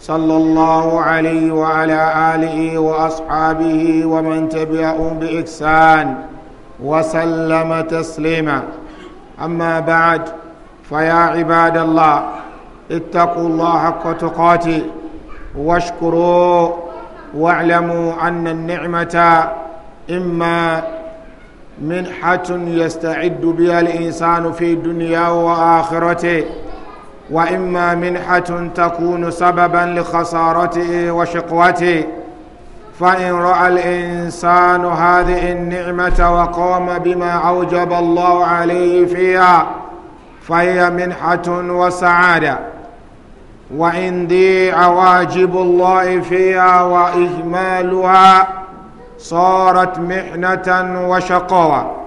صلى الله عليه وعلى اله واصحابه ومن تبعهم باحسان وسلم تسليما اما بعد فيا عباد الله اتقوا الله حق تقاته واشكروا واعلموا ان النعمه اما منحه يستعد بها الانسان في دنياه واخرته وإما منحة تكون سببا لخسارته وشقوته فإن رأى الإنسان هذه النعمة وقام بما أوجب الله عليه فيها فهي منحة وسعادة وإن ضيع واجب الله فيها وإهمالها صارت محنة وشقوة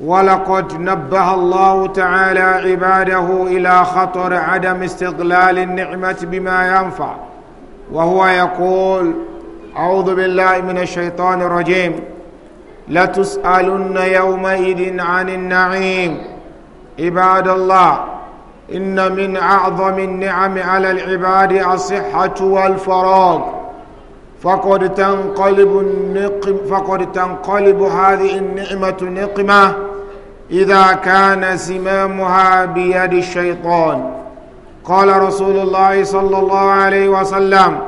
ولقد نبه الله تعالى عباده إلى خطر عدم استغلال النعمة بما ينفع وهو يقول أعوذ بالله من الشيطان الرجيم لتسألن يومئذ عن النعيم عباد الله إن من أعظم النعم على العباد الصحة والفراغ فقد تنقلب النقم فقد تنقلب هذه النعمة نقمة إذا كان سمامها بيد الشيطان قال رسول الله صلى الله عليه وسلم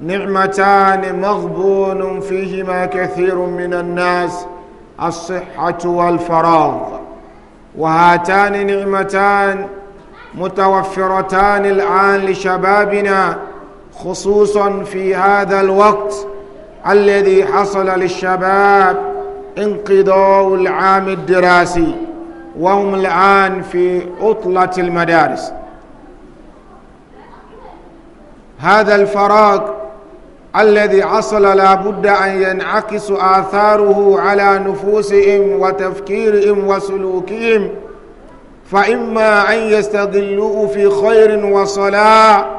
نعمتان مغبون فيهما كثير من الناس الصحة والفراغ وهاتان نعمتان متوفرتان الآن لشبابنا خصوصا في هذا الوقت الذي حصل للشباب انقضاء العام الدراسي وهم الآن في عطلة المدارس هذا الفراغ الذي حصل لابد أن ينعكس آثاره على نفوسهم وتفكيرهم وسلوكهم فإما أن يستغلوه في خير وصلاح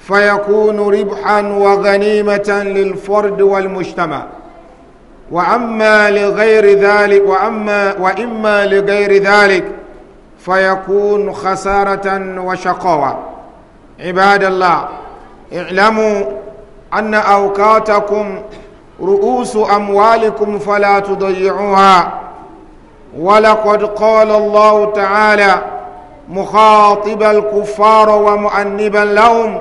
فيكون ربحا وغنيمة للفرد والمجتمع وأما لغير ذلك وأما وإما لغير ذلك فيكون خسارة وشقاوة عباد الله اعلموا أن أوقاتكم رؤوس أموالكم فلا تضيعوها ولقد قال الله تعالى مخاطب الكفار ومؤنبا لهم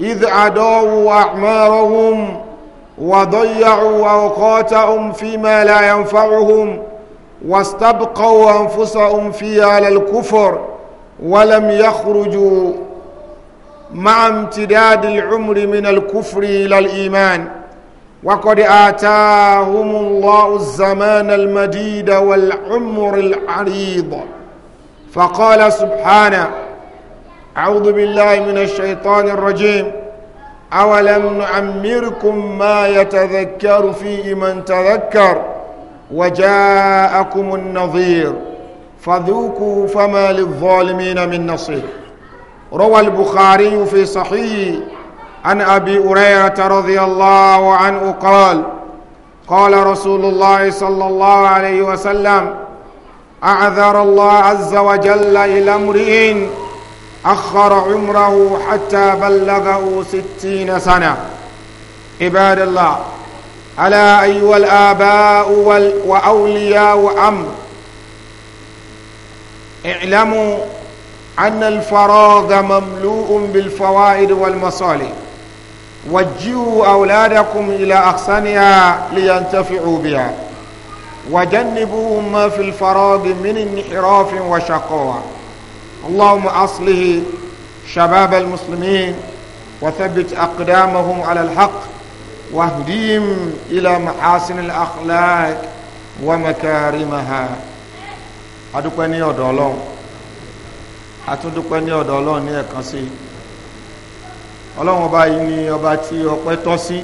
إذ أداروا أعمارهم وضيعوا أوقاتهم فيما لا ينفعهم واستبقوا أنفسهم في على الكفر ولم يخرجوا مع امتداد العمر من الكفر إلى الإيمان وقد آتاهم الله الزمان المديد والعمر العريض فقال سبحانه أعوذ بالله من الشيطان الرجيم أولم نعمركم ما يتذكر فيه من تذكر وجاءكم النظير فذوقوا فما للظالمين من نصير روى البخاري في صحيح عن أبي هريرة رضي الله عنه قال قال رسول الله صلى الله عليه وسلم أعذر الله عز وجل إلى امرئ أخر عمره حتى بلغه ستين سنة عباد الله ألا أيها الآباء وأولياء أمر اعلموا أن الفراغ مملوء بالفوائد والمصالح وجهوا أولادكم إلى أحسنها لينتفعوا بها وجنبوهم ما في الفراغ من انحراف وشقاوة اللهم أصله شباب المسلمين وثبت أقدامهم على الحق واهديهم إلى محاسن الأخلاق ومكارمها adúpẹ́ ní ọ̀dọ̀ ọlọ́run atúndúpẹ́ ní ọ̀dọ̀ ọlọ́run ní ẹ̀kan sí ọlọ́run ọba yìí ni ọba tí ọpẹ́ tọ́ sí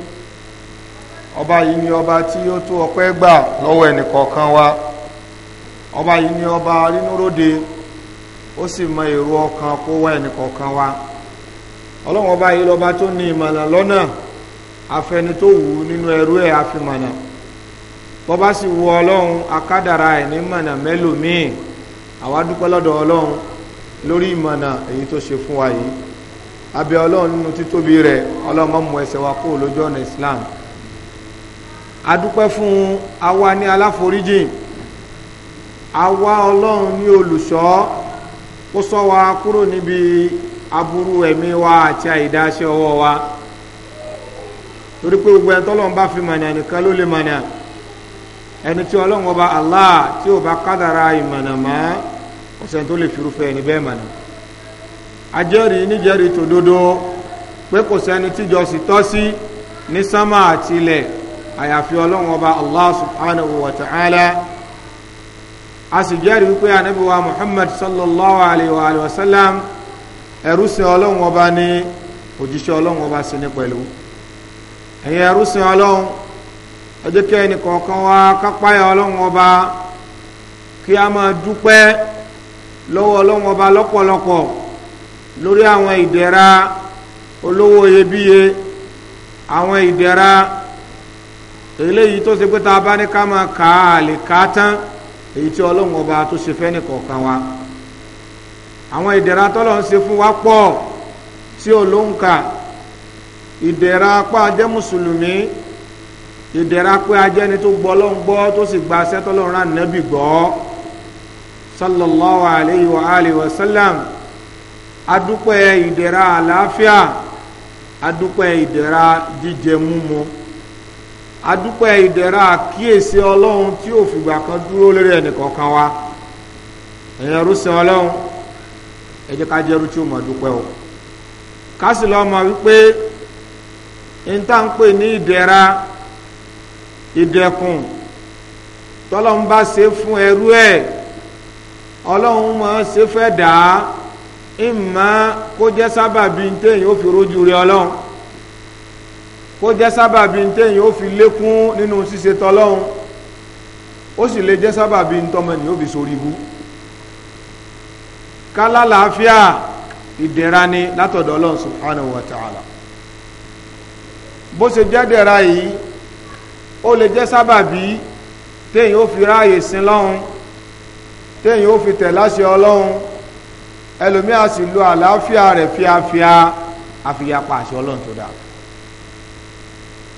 ọba yìí ni ọba tí ó tó ọpẹ́ gbà lọ́wọ́ ẹnìkọ̀ọ̀kan wa ọba yìí ni ọba rínúróde ó sì mọ èrò ọkàn kó wá ẹnìkọ̀ọ̀kan wa ọlọ́run ọba yìí lọ́ba tó ní ìmọ̀nà lọ́nà afẹni tó wù ú nínú ẹrú ẹ̀ àfimọ̀nà bọ́bá sì wù ọlọ́run akádàrá ẹ̀ ní mọ̀nà mẹ́lòmíì àwa dúpẹ́ lọ́dọ̀ ọlọ́run lórí ìmọ̀nà èyí tó ṣe fún wa yìí abẹ́ ọlọ́run nínú títóbi rẹ̀ ọlọ́run má mú ẹsẹ̀ wa kó lójú ọ̀nà Islam adúpẹ́ fún àwa ní aláforíjìn àwa ọlọ́run ní olùṣọ́ kó sọ wa kúrò níbi aburú ẹ̀mí wa àti àìdáṣẹ́ ọwọ́ wa torí pé gbogbo ẹni tọ́lọ́run bá fi mọ̀nà nìkan ló lè mọ̀nà ẹni tí ọlọ́run ọba Allah tí ò bá kádàrá ìmọ̀nà mọ́ ọ̀sẹ̀ tó lè firúfẹ́ ẹni bẹ́ẹ̀ mọ̀nà ajẹ́rìí níjẹ́rìí tòdodo pé kò sẹ́ni tíjọ sì tọ́ sí ní sánmà àti ilẹ̀ àyàfi ọlọ́run ọba Allah subhanahu wa ta'ala a sì jẹ́rìí wípé ànábì wa muhammad sallallahu alayhi wa alayhi wa sallam ẹrú sin ọlọ́run ọba ní òjíṣẹ́ ọlọ́run ọba sí ní pẹ̀lú ẹ̀yin ẹrú sin ọlọ́run ẹ jẹ́ kí ẹnì kọ̀ọ̀kan wa kápáyà ọlọ́run ọba kí a máa dúpẹ́ lọ́wọ́ ọlọ́run ọba lọ́pọ̀lọpọ̀ lórí àwọn ìdẹ̀ra olówó iyebíye àwọn ìdẹ̀ra eléyìí tó ṣe pé tá a bá ní ká máa kà á lè kà á tán èyí tí ọlọ́run ọba tó ṣe fẹ́ nìkọ̀ọ̀kan wa àwọn ìdẹ̀ra tọ́lọ̀ ń ṣe fún wa pọ̀ tí ò ló ń kà ìdẹ̀ra apá ajẹ́ mùsùlùmí ìdẹ̀ra pé ajẹ́ni tó gbọ́ ọlọ́run gbọ́ tó sì gba aṣẹ́ tọ́lọ́run rán nẹ́bì gbọ́ sallallahu alayhi wa alihi wa sallam adúpẹ́ ìdẹ̀ra àlàáfíà adúpẹ́ ìdẹ̀ra jíjẹ múmu adúpẹ́ ìdẹ̀ra àkíyèsí ọlọ́run tí ò fìgbà kan dúró lórí ẹnìkọ̀ọ̀kan wa ẹ̀yẹ rúṣin ọlọ́run ẹ jẹ́ ká jẹ́rú tí ó mọ̀ dúpẹ́ o ká sì lọ mọ̀ wípé n tá ń pè ní ìdẹ̀ra ìdẹ̀kùn tọ́lọ́run bá ṣe fún ẹrú ẹ̀ ọlọ́run mọ̀ ṣe fẹ́ dà á ìmọ̀ kó jẹ́ sábàbí téèyàn ó fi rójú rí ọlọ́run kó jẹ́ sábàbí ń téèyàn ó fi lékún nínú ṣíṣe tọlọ́run ó sì lè jẹ́ sábàbí ń tọmọ ènìyàn ó fi sórí ibú kálá làáfíà ìdẹ̀ra ni látọ̀dọ̀ ọlọ́run subhanahu wa ta'ala bó ṣe jẹ́ dẹ̀ra yìí ó lè jẹ́ sábàbí téèyàn ó fi ráàyè sin lọ́hun téèyàn ó fi tẹ̀ láṣẹ ọlọ́run ẹlòmíà sì lo àlàáfíà rẹ̀ fíafíà àfìyàpá àṣẹ ọlọ́run tó dáa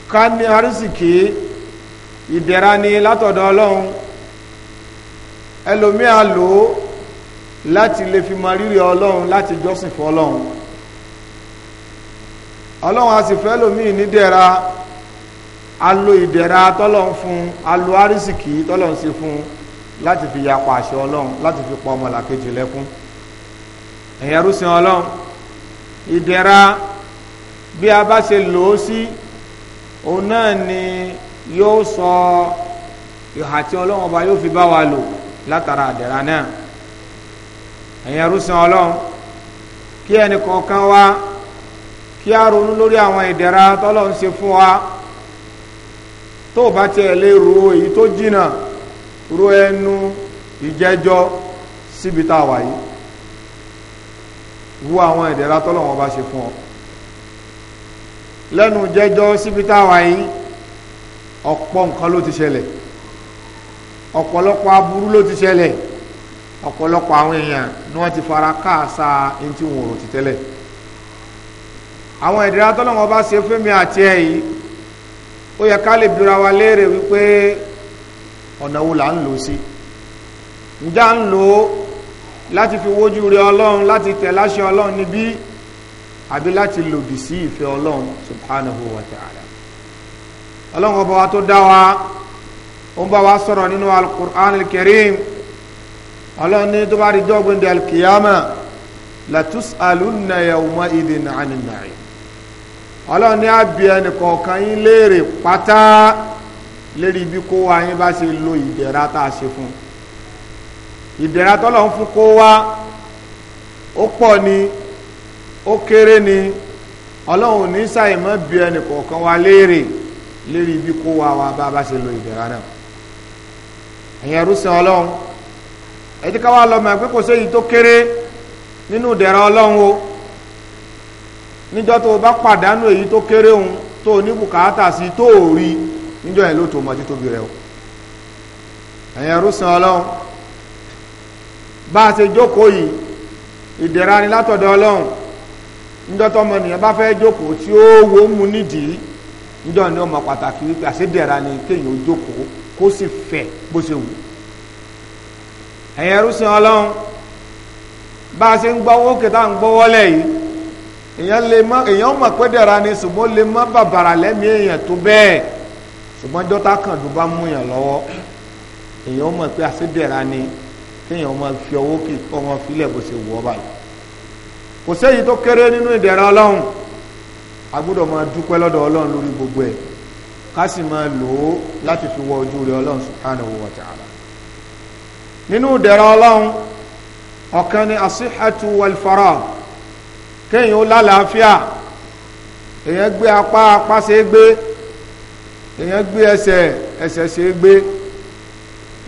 ká ní arísìkí ìdẹ̀ra ni látọ̀dọ̀ ọlọ́run ẹlòmíà lò ó láti lè fi mọ rírì ọlọ́run láti jọ́sìn fún ọlọ́run ọlọ́run a sì fẹ́ lòmíì ní dẹ̀ra a lo ìdẹ̀ra tọ́lọ́run fún a lo arísìkí tọ́lọ́run ṣe fún láti fi yapa àṣẹ ọlọ́run láti fi pa ọmọlàkejì lẹ́kún ẹ̀yẹrú sin ọlọ́run ìdẹ̀ra bí a bá ṣe lò ó sí. Si, òun náà ni yóò sọ ìhà tí ọlọ́run ọba yóò fi bá wa lò látara àdẹ̀rà náà ẹ̀yin ẹrúsìn ọlọ́run kí ẹnì kọ̀ọ̀kan wa kí a ronú lórí àwọn ìdẹ̀ra tọ́lọ́run ṣe fún wa tó o bá tiẹ̀ lè ro èyí tó jìnnà ro ẹnu ìjẹ́jọ́ síbi tá a wà yìí wo àwọn ìdẹ̀ra tọ́lọ́run ọba ṣe fún ọ lẹ́nu jẹ́jọ́ síbi táwa yìí ọ̀pọ̀ nǹkan ló ti ṣẹlẹ̀ ọ̀pọ̀lọpọ̀ aburú ló ti ṣẹlẹ̀ ọ̀pọ̀lọpọ̀ àwọn èèyàn ni wọ́n ti fara káàsá ẹni tí wọ́n rò ti tẹ́lẹ̀ àwọn ìdíra tọ́lọ́wọ́n bá ṣe fún mi àti ẹ̀ yìí ó yẹ ká lè bira wa léèrè wípé ọ̀nà wo là ń lò sí ǹjẹ́ ń lò láti fi wójú rí ọlọ́run láti tẹ̀ láṣẹ ọlọ́run níbí àbí láti lòdì sí ìfẹ́ ọlọ́run subhanahu wa ta'ala ọlọ́run ọba wa tó dá wa ó ń bá wa sọ̀rọ̀ nínú al-Qur'an al-Karim ọlọ́run ní tó bá rí dọ́gbìn dẹ̀ al-Qiyama latus'alunna yawma idhin 'anin na'im ọlọ́run ní àbí ẹnì kọ̀ọ̀kan yín léèrè pátá lérí bí kó wa yín bá ṣe lo ìdẹ̀ra tá a ṣe fún ìdẹ̀ra tọ́lọ́run fún kó wa ó pọ̀ ni. ó kéré ni ọlọ́run ní sàìmọ́ bí ẹnì kọ̀ọ̀kan wa léèrè lérí ibi kó wa wa bá bá ṣe lo ìdẹ̀ra náà ẹ̀yìn rúṣin ọlọ́run ẹ̀dí ká wá lọ mọ̀ pé kò tó kéré nínú ìdẹ̀ra ọlọ́run o níjọ́ tó o bá pàdánù èyí tó kéré òun tó o ní bùkátà sí ṣe jókòó yìí ni látọ̀dọ̀ ọlọ́run ńdọ́tọ́ ọmọnìyàn bá fẹ́ jókòó tí ó wo mu nídìí ńdọ́ ni ọmọ pàtàkì wípé àṣedẹ̀ra ni kéèyàn ó jókòó kó sì fẹ̀ bó ṣe wù ẹ̀yin ẹrú sin ọlọ́run bá a ṣe ń gbọ́wọ́ kẹta ń gbọ́wọ́ lẹ̀ yìí èèyàn lè mọ èèyàn mọ̀ pé dẹ̀ra ni ṣùgbọ́n lè mọ bàbàrà lẹ́mìí èèyàn tó bẹ́ẹ̀ ṣùgbọ́n jọ́tà kan tó bá mú yàn lọ́wọ́ èèyàn mọ̀ pé àṣedẹ̀ra ni kéèyàn máa fi ọwọ́ kí ọmọ filẹ̀ bó ṣe wù ọ́ báyìí kò sẹ́yìn tó kéré nínú ìdẹ̀ra ọlọ́run a gbọ́dọ̀ máa dúpẹ́ lọ́dọ̀ ọlọ́run lórí gbogbo ẹ̀ ká sì máa lò ó láti fi wọ ojú rẹ ọlọ́run subhanahu wa ta'ala nínú ìdẹ̀ra ọlọ́run ọ̀kan ni asihatu walfara kéèyàn ó lálàáfíà èèyàn gbé apá apá ṣe é gbé èèyàn gbé ẹsẹ̀ ẹsẹ̀ ṣe é gbé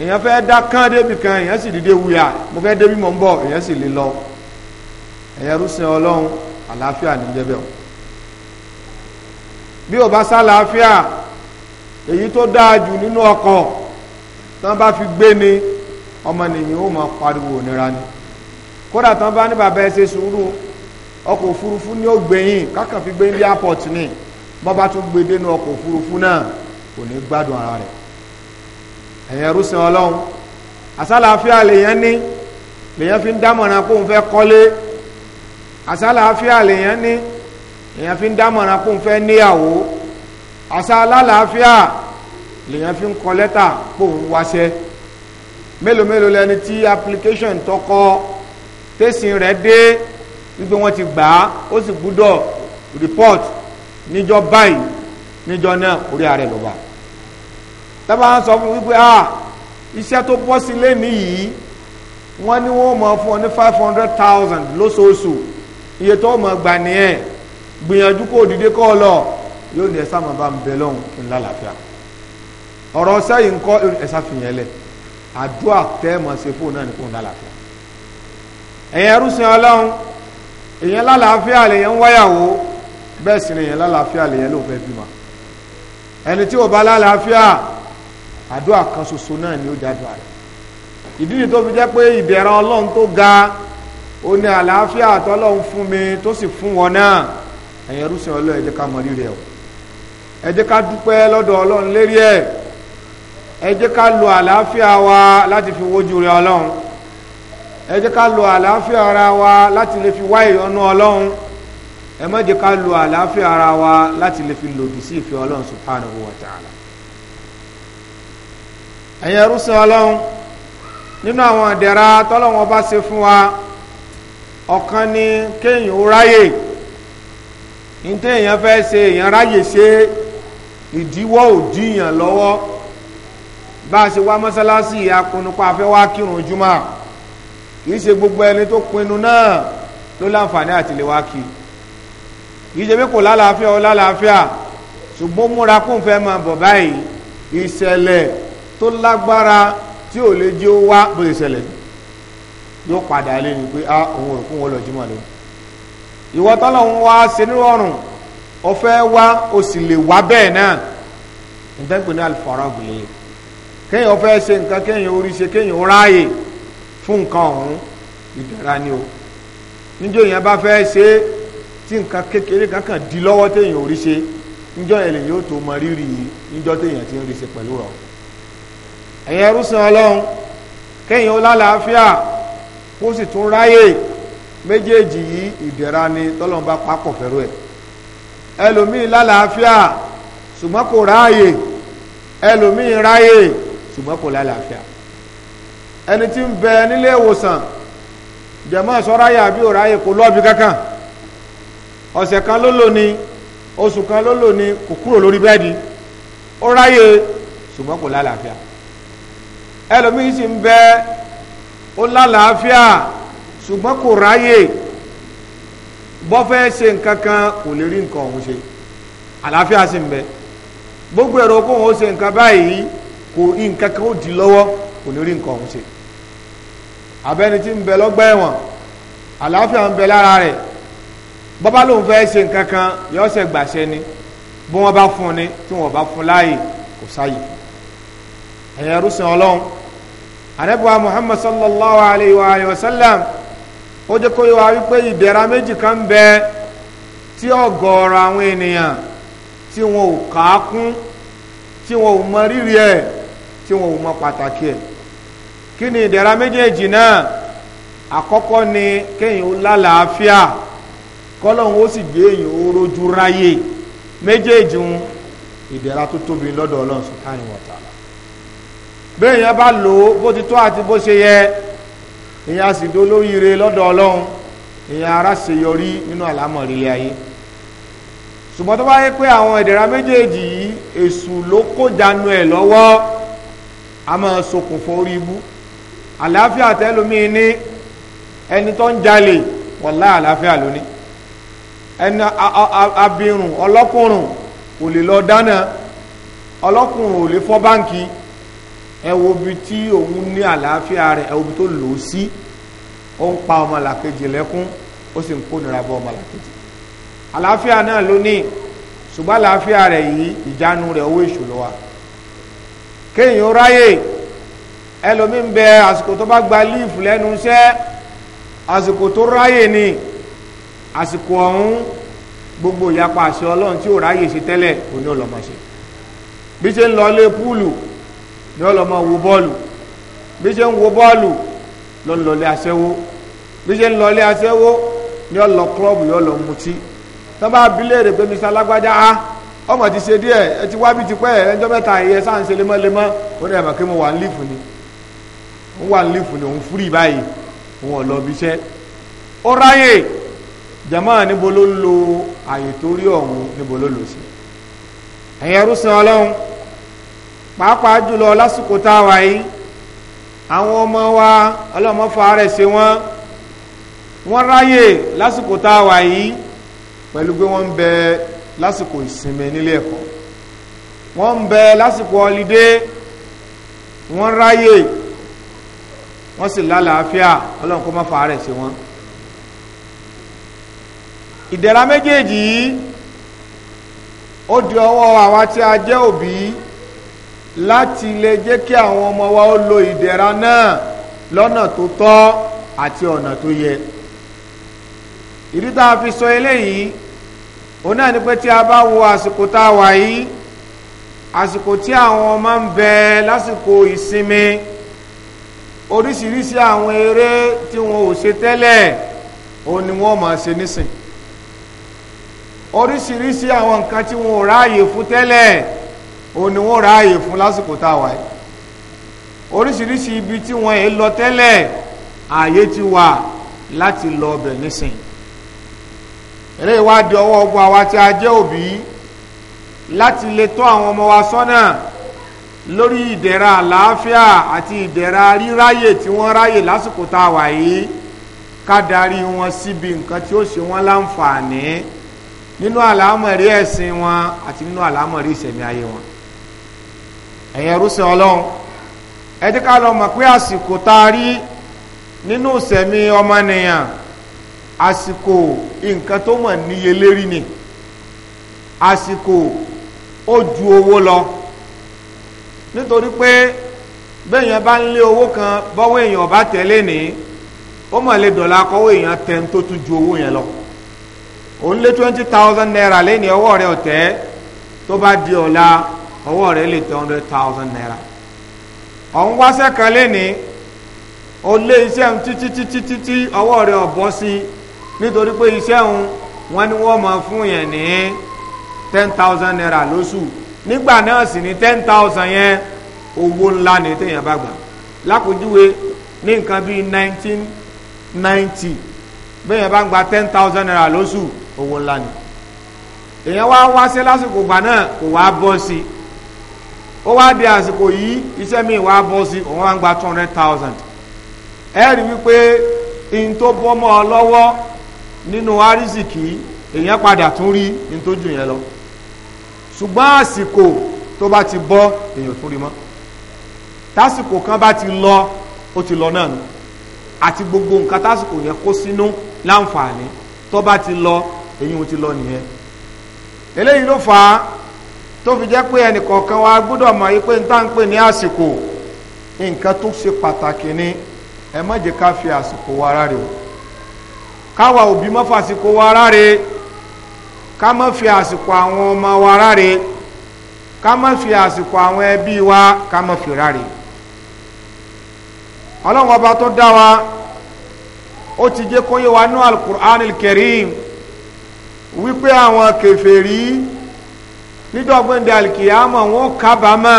èèyàn fẹ́ dá kán débi kan èèyàn sì dìde wuya mo fẹ́ débi mọ̀ ń bọ̀ èèyàn sì lè lọ ẹ̀yẹrú sin ọlọ́run àlàáfíà ní jẹ́bẹ̀ o bí o bá sálàáfíà èyí tó dáa jù nínú ọkọ̀ tán bá fi gbé ni ọmọnìyàn ó máa pariwo ònira ni kódà tán bá ní bàbá ẹ ṣe sùúrù ọkọ̀ òfurufú ní ó gbẹ̀yìn kákan fi gbé ní airport ni bọ́ bá tún gbé dénú ọkọ̀ òfurufú náà kò ní gbádùn ara rẹ̀ ẹ̀yẹrú sin ọlọ́run àsálàáfíà lèyàn ní lèyàn fi ń dámọ̀ràn kóun fẹ́ kọ́lé àsálàáfíà lèèyàn ní èèyàn fi ń dámọ̀ràn kó ń fẹ́ níyàwó àsálàáfíà lèèyàn fi ń kọ lẹ́tà kó ń wáṣẹ́ mélòó mélòó lẹni tí application tọkọ tẹ̀sìn rẹ̀ dé wípé wọ́n ti gbà á ó sì gbúdọ̀ report níjọ báyìí níjọ náà orí ààrẹ ló bá tábà ń sọ fún wípé ah iṣẹ́ tó bọ́ sí lẹ́nìí yìí wọ́n ní wọ́n mọ̀ fún ọ ní five hundred thousand lóṣooṣù iye tó mọ̀ gbà nìyẹn gbìyànjú kó dìde kọ́ lọ yóò ní ẹ̀sà máa bá ń bẹ lọ́hùn kí n lálàáfíà ọ̀rọ̀ sẹ́yìn kọ́ ẹ̀sà fìyẹn lẹ̀ àdúrà tẹ́ mọ̀ ṣe fóun náà ní kó n lálàáfíà ẹ̀yẹn rúṣin ọlọ́run èyàn lálàáfíà lèyàn ń wáyàwó bẹ́ẹ̀ sì ni èyàn lálàáfíà lèyàn ló fẹ́ bímọ ẹni tí ò bá lálàáfíà àdúrà kan ṣoṣo náà ni ó jáde rẹ̀ ìdí ni tó fi jẹ́ pé ìbẹ̀rẹ̀ ọlọ́run tó ga ó ní àlàáfíà tọ́lọ́hún fún mi tó sì fún wọn náà ẹ̀yin ẹrúsìn ọlọ́ ẹ jẹ́ ká mọ rírẹ̀ o ẹ jẹ́ ká dúpẹ́ lọ́dọ̀ ọlọ́run lérí ẹ̀ ẹ jẹ́ ká lo àlàáfíà wa láti fi wojú rẹ̀ ọlọ́run ẹ jẹ́ ká lo àlàáfíà ara wa láti lè fi wá ìyọ́nú ọlọ́run ẹ má jẹ́ ká lo àlàáfíà ara wa láti lè fi lòdì sí ìfẹ́ ọlọ́run subhanahu wa ta'ala ẹ̀yin ẹrúsìn ọlọ́run nínú àwọn ìdẹ̀ra tọ́lọ́run ọba ṣe fún wa ọ̀kan ni kéèyàn ó ráyè ní téèyàn fẹ́ ṣe èèyàn ráyè ṣe ìdíwọ́ ò díyàn lọ́wọ́ bá a ṣe wá mọ́sálásí akunupa afẹ́ wá kírun júmọ́ kì í ṣe gbogbo ẹni tó pinnu náà ló láǹfààní àti lè wá kí kì í ṣe pé kò lálàáfíà ó lálàáfíà ṣùgbọ́n múra kó fẹ́ máa bọ̀ ìṣẹ̀lẹ̀ tó lágbára tí ò lè jẹ́ ó wá bó ìṣẹ̀lẹ̀ ni yóò padà lé pé ah òun rò wọn lọ jímọ̀ lónìí ìwọ tọ́lọ̀ wá ṣe nírọ̀rùn wá ó sì lè wá bẹ́ẹ̀ náà ní ṣe nǹkan kéèyàn orí ṣe fún nǹkan ọ̀hún ìdára ni o níjọ́ yẹn bá fẹ́ ṣe tí nǹkan kékeré kankan di pẹ̀lú kó sì tún ráyè méjèèjì yìí ìdẹ̀ra ni tọ́lọ́n bá papọ̀ pẹ̀lú ẹ̀ ẹlòmíì lálàáfíà ṣùgbọ́n kò ráyè ẹlòmíì ráyè ṣùgbọ́n kò lálàáfíà ẹni tí ń bẹ nílé ìwòsàn jẹ̀mọ́ sọ́ráyà bí ò ráyè kò lọ́ọ̀bì kankan ọ̀sẹ̀ kan ló lò ní oṣù kan ló lò ní kò kúrò lórí bẹ́ẹ̀dì ó ráyè ṣùgbọ́n kò lálàáfíà ẹlòmíì sì ń bẹ ó lálàáfíà ṣùgbọ́n kò ráyè bọ́fẹ́ ṣe nǹkan kan kò lè rí nǹkan ọ̀hún ṣe àlàáfíà sì ń bẹ gbogbo ẹ̀rọ kóhun ó ṣe nǹkan báyìí kò nǹkan kan ó di lọ́wọ́ kò lè rí nǹkan ọ̀hún ṣe abẹ́ni tí ń bẹ lọ́gbà ẹ̀wọ̀n àlàáfíà ń bẹ lára rẹ̀ bọ́bá lòun fẹ́ ṣe nǹkan kan yọ ṣe gbàṣẹ ni bí wọ́n bá fún ni tí wọ́n bá fún láàyè kò sáyè ẹ̀yẹ rúṣin ọlọ́run anabiwa muhammad sallallahu alayhi wa alayhi wa sallam ó jẹ́ kó wa wípé ìdẹ̀ra méjì kan bẹ tí ọ̀gọ̀ọ̀rọ̀ àwọn ènìyàn tí wọn ò kà á kún tí wọn ò mọ rírì ẹ̀ tí wọn ò mọ pàtàkì ẹ̀ kí ni ìdẹ̀ra méjèèjì náà àkọ́kọ́ ni kéèyàn ó lálàáfíà kọ́lọ́hún ó sì gbé èèyàn ó rojú ráyè méjèèjì ń bẹ́ẹ̀ yẹn bá lò ó bó ti tó àti bó ṣe yẹ ìyẹn a sì dó lóríire lọ́dọ̀ ọlọ́run ìyẹn ara ṣe yọrí nínú àlámọ̀ ilé ayé ṣùgbọ́n tó bá yẹ pé àwọn ìdẹ̀ra méjèèjì yìí èṣù ló kó jánu ẹ̀ lọ́wọ́ a máa ṣokùnfà orí ibú àlàáfíà tẹ́lómìn ní ẹni tó ń jalè wọ̀lá àlàáfíà lónìí ẹni abirùn ọlọ́kùnrùn kò lè lọ dáná ọlọ́kùnrùn ò lè fọ́ báǹkì ẹ wo bi tí òun ní àlàáfíà rẹ̀ ẹ wo bi tó lò ó sí ó ń pa ọmọ làkejì lẹ́kún ó sì ń kó nira bọ ọmọ làkejì àlàáfíà náà ló ní ṣùgbọ́n àlàáfíà rẹ̀ yìí ìjánu rẹ̀ owó èṣù ló wà kéèyàn ráyè ẹlòmíín bẹ àsìkò tó bá gba líìfù lẹ́nu iṣẹ́ àsìkò tó ráyè ni àsìkò ọ̀hún gbogbo ìyapa àṣẹ ọlọ́run tí ò ráyè ṣe tẹ́lẹ̀ òní ọlọ́mọṣẹ́ bí ṣe ń lọ ilé púùlù ni ọ lọ mọ wo bọ́ọ̀lù bí ṣe ń wo bọ́ọ̀lù ló ń lọlé bí ṣe ń ni ọ lọ klọ́ọ̀bù yóò lọ mutí tó bá pé ọ alágbájá ti ṣe díẹ̀ ẹ ti wá bí ti pẹ́ ẹjọ́ mẹ́ta ẹ̀yẹ sáà ó ní wà ń lífù ni wà ń lífù ni òun báyìí òun lọ bí ó ráyè jama níbo ló lo àyè tó rí ọ̀hún níbo ló lò sí pàápàá jùlọ lásìkò tá a wà yìí àwọn ọmọ wa ọlọ́mọ fàárẹ̀ ṣe wọ́n wọ́n ráyè lásìkò tá a wà yìí pẹ̀lú pé wọ́n ń bẹ lásìkò ìsinmi nílé ẹ̀kọ́ wọ́n ń bẹ lásìkò ọlídé wọ́n ráyè wọ́n sì lálàáfíà ọlọ́run kó má fàárẹ̀ ṣe wọ́n ìdẹ̀ra méjèèjì yìí ó di ọwọ́ àwa tí a jẹ́ òbí láti lè jẹ́ kí àwọn ọmọ wa ó lo ìdẹ̀ra náà lọ́nà tó tọ́ àti ọ̀nà tó yẹ ìdí a fi sọ eléyìí òun náà ni pé tí a bá wo àsìkò tá a wà yìí àsìkò tí àwọn ọmọ ń bẹ lásìkò ìsinmi oríṣiríṣi àwọn eré tí wọn ò ṣe tẹ́lẹ̀ òun ni wọ́n máa ṣe nísìn oríṣiríṣi àwọn nǹkan tí wọn ò ráàyè fún tẹ́lẹ̀ òun ni wọ́n ráàyè fún lásìkò tá a wà yìí oríṣiríṣi ibi tí wọ́n yìí lọ tẹ́lẹ̀ ààyè ti wà láti lọ ọbẹ̀ nísìn eré ìwádìí ọwọ́ ọgbọ́n àwa tí a jẹ́ òbí láti lè tọ́ àwọn ọmọ wa sọ́nà lórí ìdẹ̀ra àlàáfíà àti ìdẹ̀ra ríráyè tí wọ́n ráyè lásìkò tá a wà yìí ká darí wọn síbi nǹkan tí ó ṣe wọ́n láǹfààní nínú àlámọ̀rí ẹ̀sìn wọn àti nínú àlámọ̀rí ìṣẹ̀mí ayé wọn ẹ̀yin ẹrúsìn ọlọ́run ẹ jẹ́ ká lọ mọ̀ pé àsìkò tá a rí nínú ìsẹ̀mí ọmọnìyàn àsìkò nǹkan tó mọ̀ níye lérí ni àsìkò ó ju owó lọ nítorí pé bẹ́ẹ̀yàn bá ń lé owó kan bọ́wọ́ èèyàn bá tẹ̀lé ní ó mọ̀ lè dọ̀la kọ́wọ́ èèyàn tẹ̀ tó tún ju owó yẹn lọ òun lé twenty thousand naira lé ní ọwọ́ rẹ̀ ọ̀tẹ́ tó bá di ọ̀la owó rẹ̀ lè tó hundred thousand naira ọ̀hún wáṣẹ́ kan lẹ́ni o lé iṣẹ́ ń títí títí títí ọwọ́ rẹ̀ ọ̀bọ́ sí nítorí pé iṣẹ́ ń wọ́n ní wọ́n máa fún yẹn ní ten thousand naira lóṣù nígbà náà sì ní ten thousand yẹn owó ńlá ni téèyàn bá gbà lákòjúwe ní nǹkan bíi nineteen ninety bẹ́ẹ̀ bá ń gba ten thousand naira lóṣù owó ńlá ni èèyàn wá wá sí lásìkò gbà náà kò wá bọ́ sí i ó wá di àsìkò yìí iṣẹ́ mi wá bọ́ sí òun wá ń gba two hundred thousand ẹ rí wípé n tó bọ́ mọ́ ọ lọ́wọ́ nínú arísìkì èèyàn padà tún rí n tó jù yẹn lọ ṣùgbọ́n àsìkò tó bá ti bọ́ èèyàn tún rí mọ́ tásìkò kan bá ti lọ ó ti lọ náà nù àti gbogbo nǹkan tásìkò yẹn kó sínú láǹfààní tó bá ti lọ èyí ò ti lọ nìyẹn eléyìí ló fà á tó fi jẹ́ pé ẹnìkọ̀ọ̀kan wa gbọ́dọ̀ mọ̀ yí pé n tá ń pè ní àsìkò nǹkan tó ni ẹ má ká fi àsìkò wa o káwa òbí má fi wa ara rẹ̀ ká fi àsìkò àwọn ọmọ wa ara rẹ̀ ká fi àsìkò àwọn ẹbí wa ká má fi ara rẹ̀ ọlọ́run ọba tó dá wa ó ti jẹ́ kó wa nú alukur'an kẹrim wípé àwọn nídọ́gbọ́ndé alikiyama wọ́n kábàámà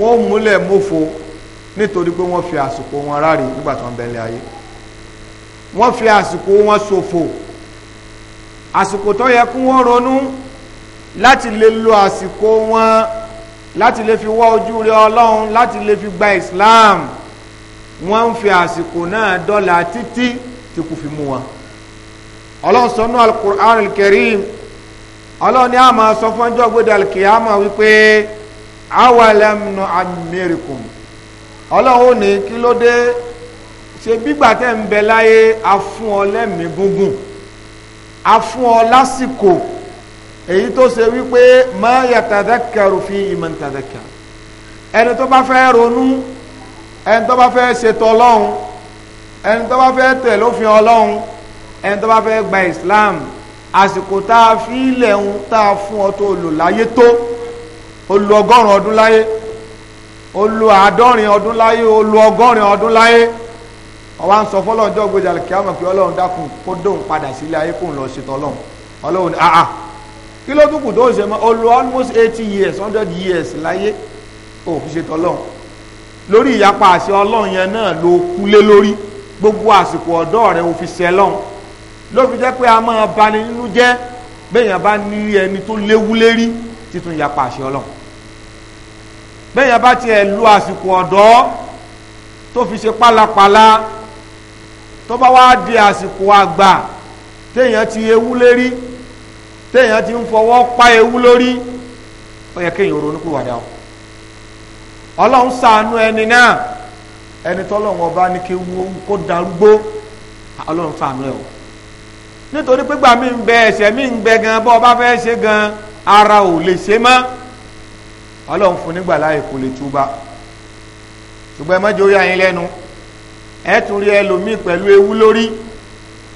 wọ́n múlẹ̀ mọ́fọ́ nítorí pé wọ́n fi àsìkò wọn ráre nígbà tí wọ́n bẹ̀lẹ̀ ayé wọ́n fi àsìkò wọn ṣòfò àsìkò tó yẹ kí wọ́n ronú láti lè lo àsìkò wọn láti lè fi wá ojú rẹ ọlọ́run láti lè fi gba Islam wọ́n ń fi àsìkò náà dọ́là títí tí kò fi mú wọn ọlọ́run sọ nínú al-Qur'an al-Karim. al quran al karim ọlọ́run ní a máa sọ fún ọjọ́ gbọ́dọ̀ alkiyama wípé awalamnu amirikum ọlọ́run ò ní kí ló dé ṣe bígbà tẹ́ ń bẹ láyé a ọ lẹ́mìí gúngùn a ọ lásìkò èyí tó ṣe wípé ma yatadhakkaru fi man tadhakkar ẹni tó bá fẹ́ ronú ẹni tó bá fẹ́ ṣètò ọlọ́run ẹni tó bá fẹ́ tẹ̀lófin ọlọ́run ẹni tó bá fẹ́ gba Islam àsìkò tá a fi ilẹ̀ ń tá a fún ọ tó lò láyé tó o lo ọgọ́rùn ọdún láyé o lo àádọ́rin ọdún láyé o lo ọgọ́rin ọdún láyé ọwọ́ à ń sọ fọlọ́run jọ́ gbèjà kí á mọ̀ pé ọlọ́run dákun kó dóun padà sílé ayé kó ń lọ ṣètò ọlọ́run ọlọ́run ní kí ló tún tó ń ṣe mọ́ o almost eighty years hundred years láyé o fi ṣètò ọlọ́run lórí ìyapa àṣẹ ọlọ́run yẹn náà ló kú lé lórí gbogbo àsìkò ọ̀dọ́ rẹ̀ o fi ṣẹlọ́run ló fi jẹ́ pé a máa bani nínú jẹ́ bẹ́ẹ̀yàn bá ní ẹni tó léwu lérí títún yapa àṣẹ ọlọ́run bẹ́ẹ̀yàn bá tiẹ̀ lu àsìkò ọ̀dọ́ tó fi ṣe pálapàla tó bá wá di àsìkò àgbà téèyàn ti ewu lérí téèyàn ti ń fọwọ́ pa ewu lórí ó yẹ kéèyàn ronúkúwàdà o ọlọ́run ṣàánú ẹni náà ẹni tọ́lọ́run ọba ní kí wọ́n kó darúgbó ọlọ́run ṣàánú ẹ̀ o nítorí pípa mi ń bẹ ẹsẹ̀ mi ń bẹ gan bọ́ ọ bá fẹ́ ṣe gan ara ò lè ṣe mọ́ ọlọ́run fún nígbà láàyè kò lè túba ṣùgbọ́n ẹ mọ́jọ́ yá yín lẹ́nu ẹ tún rí ẹlòmíì pẹ̀lú ewu lórí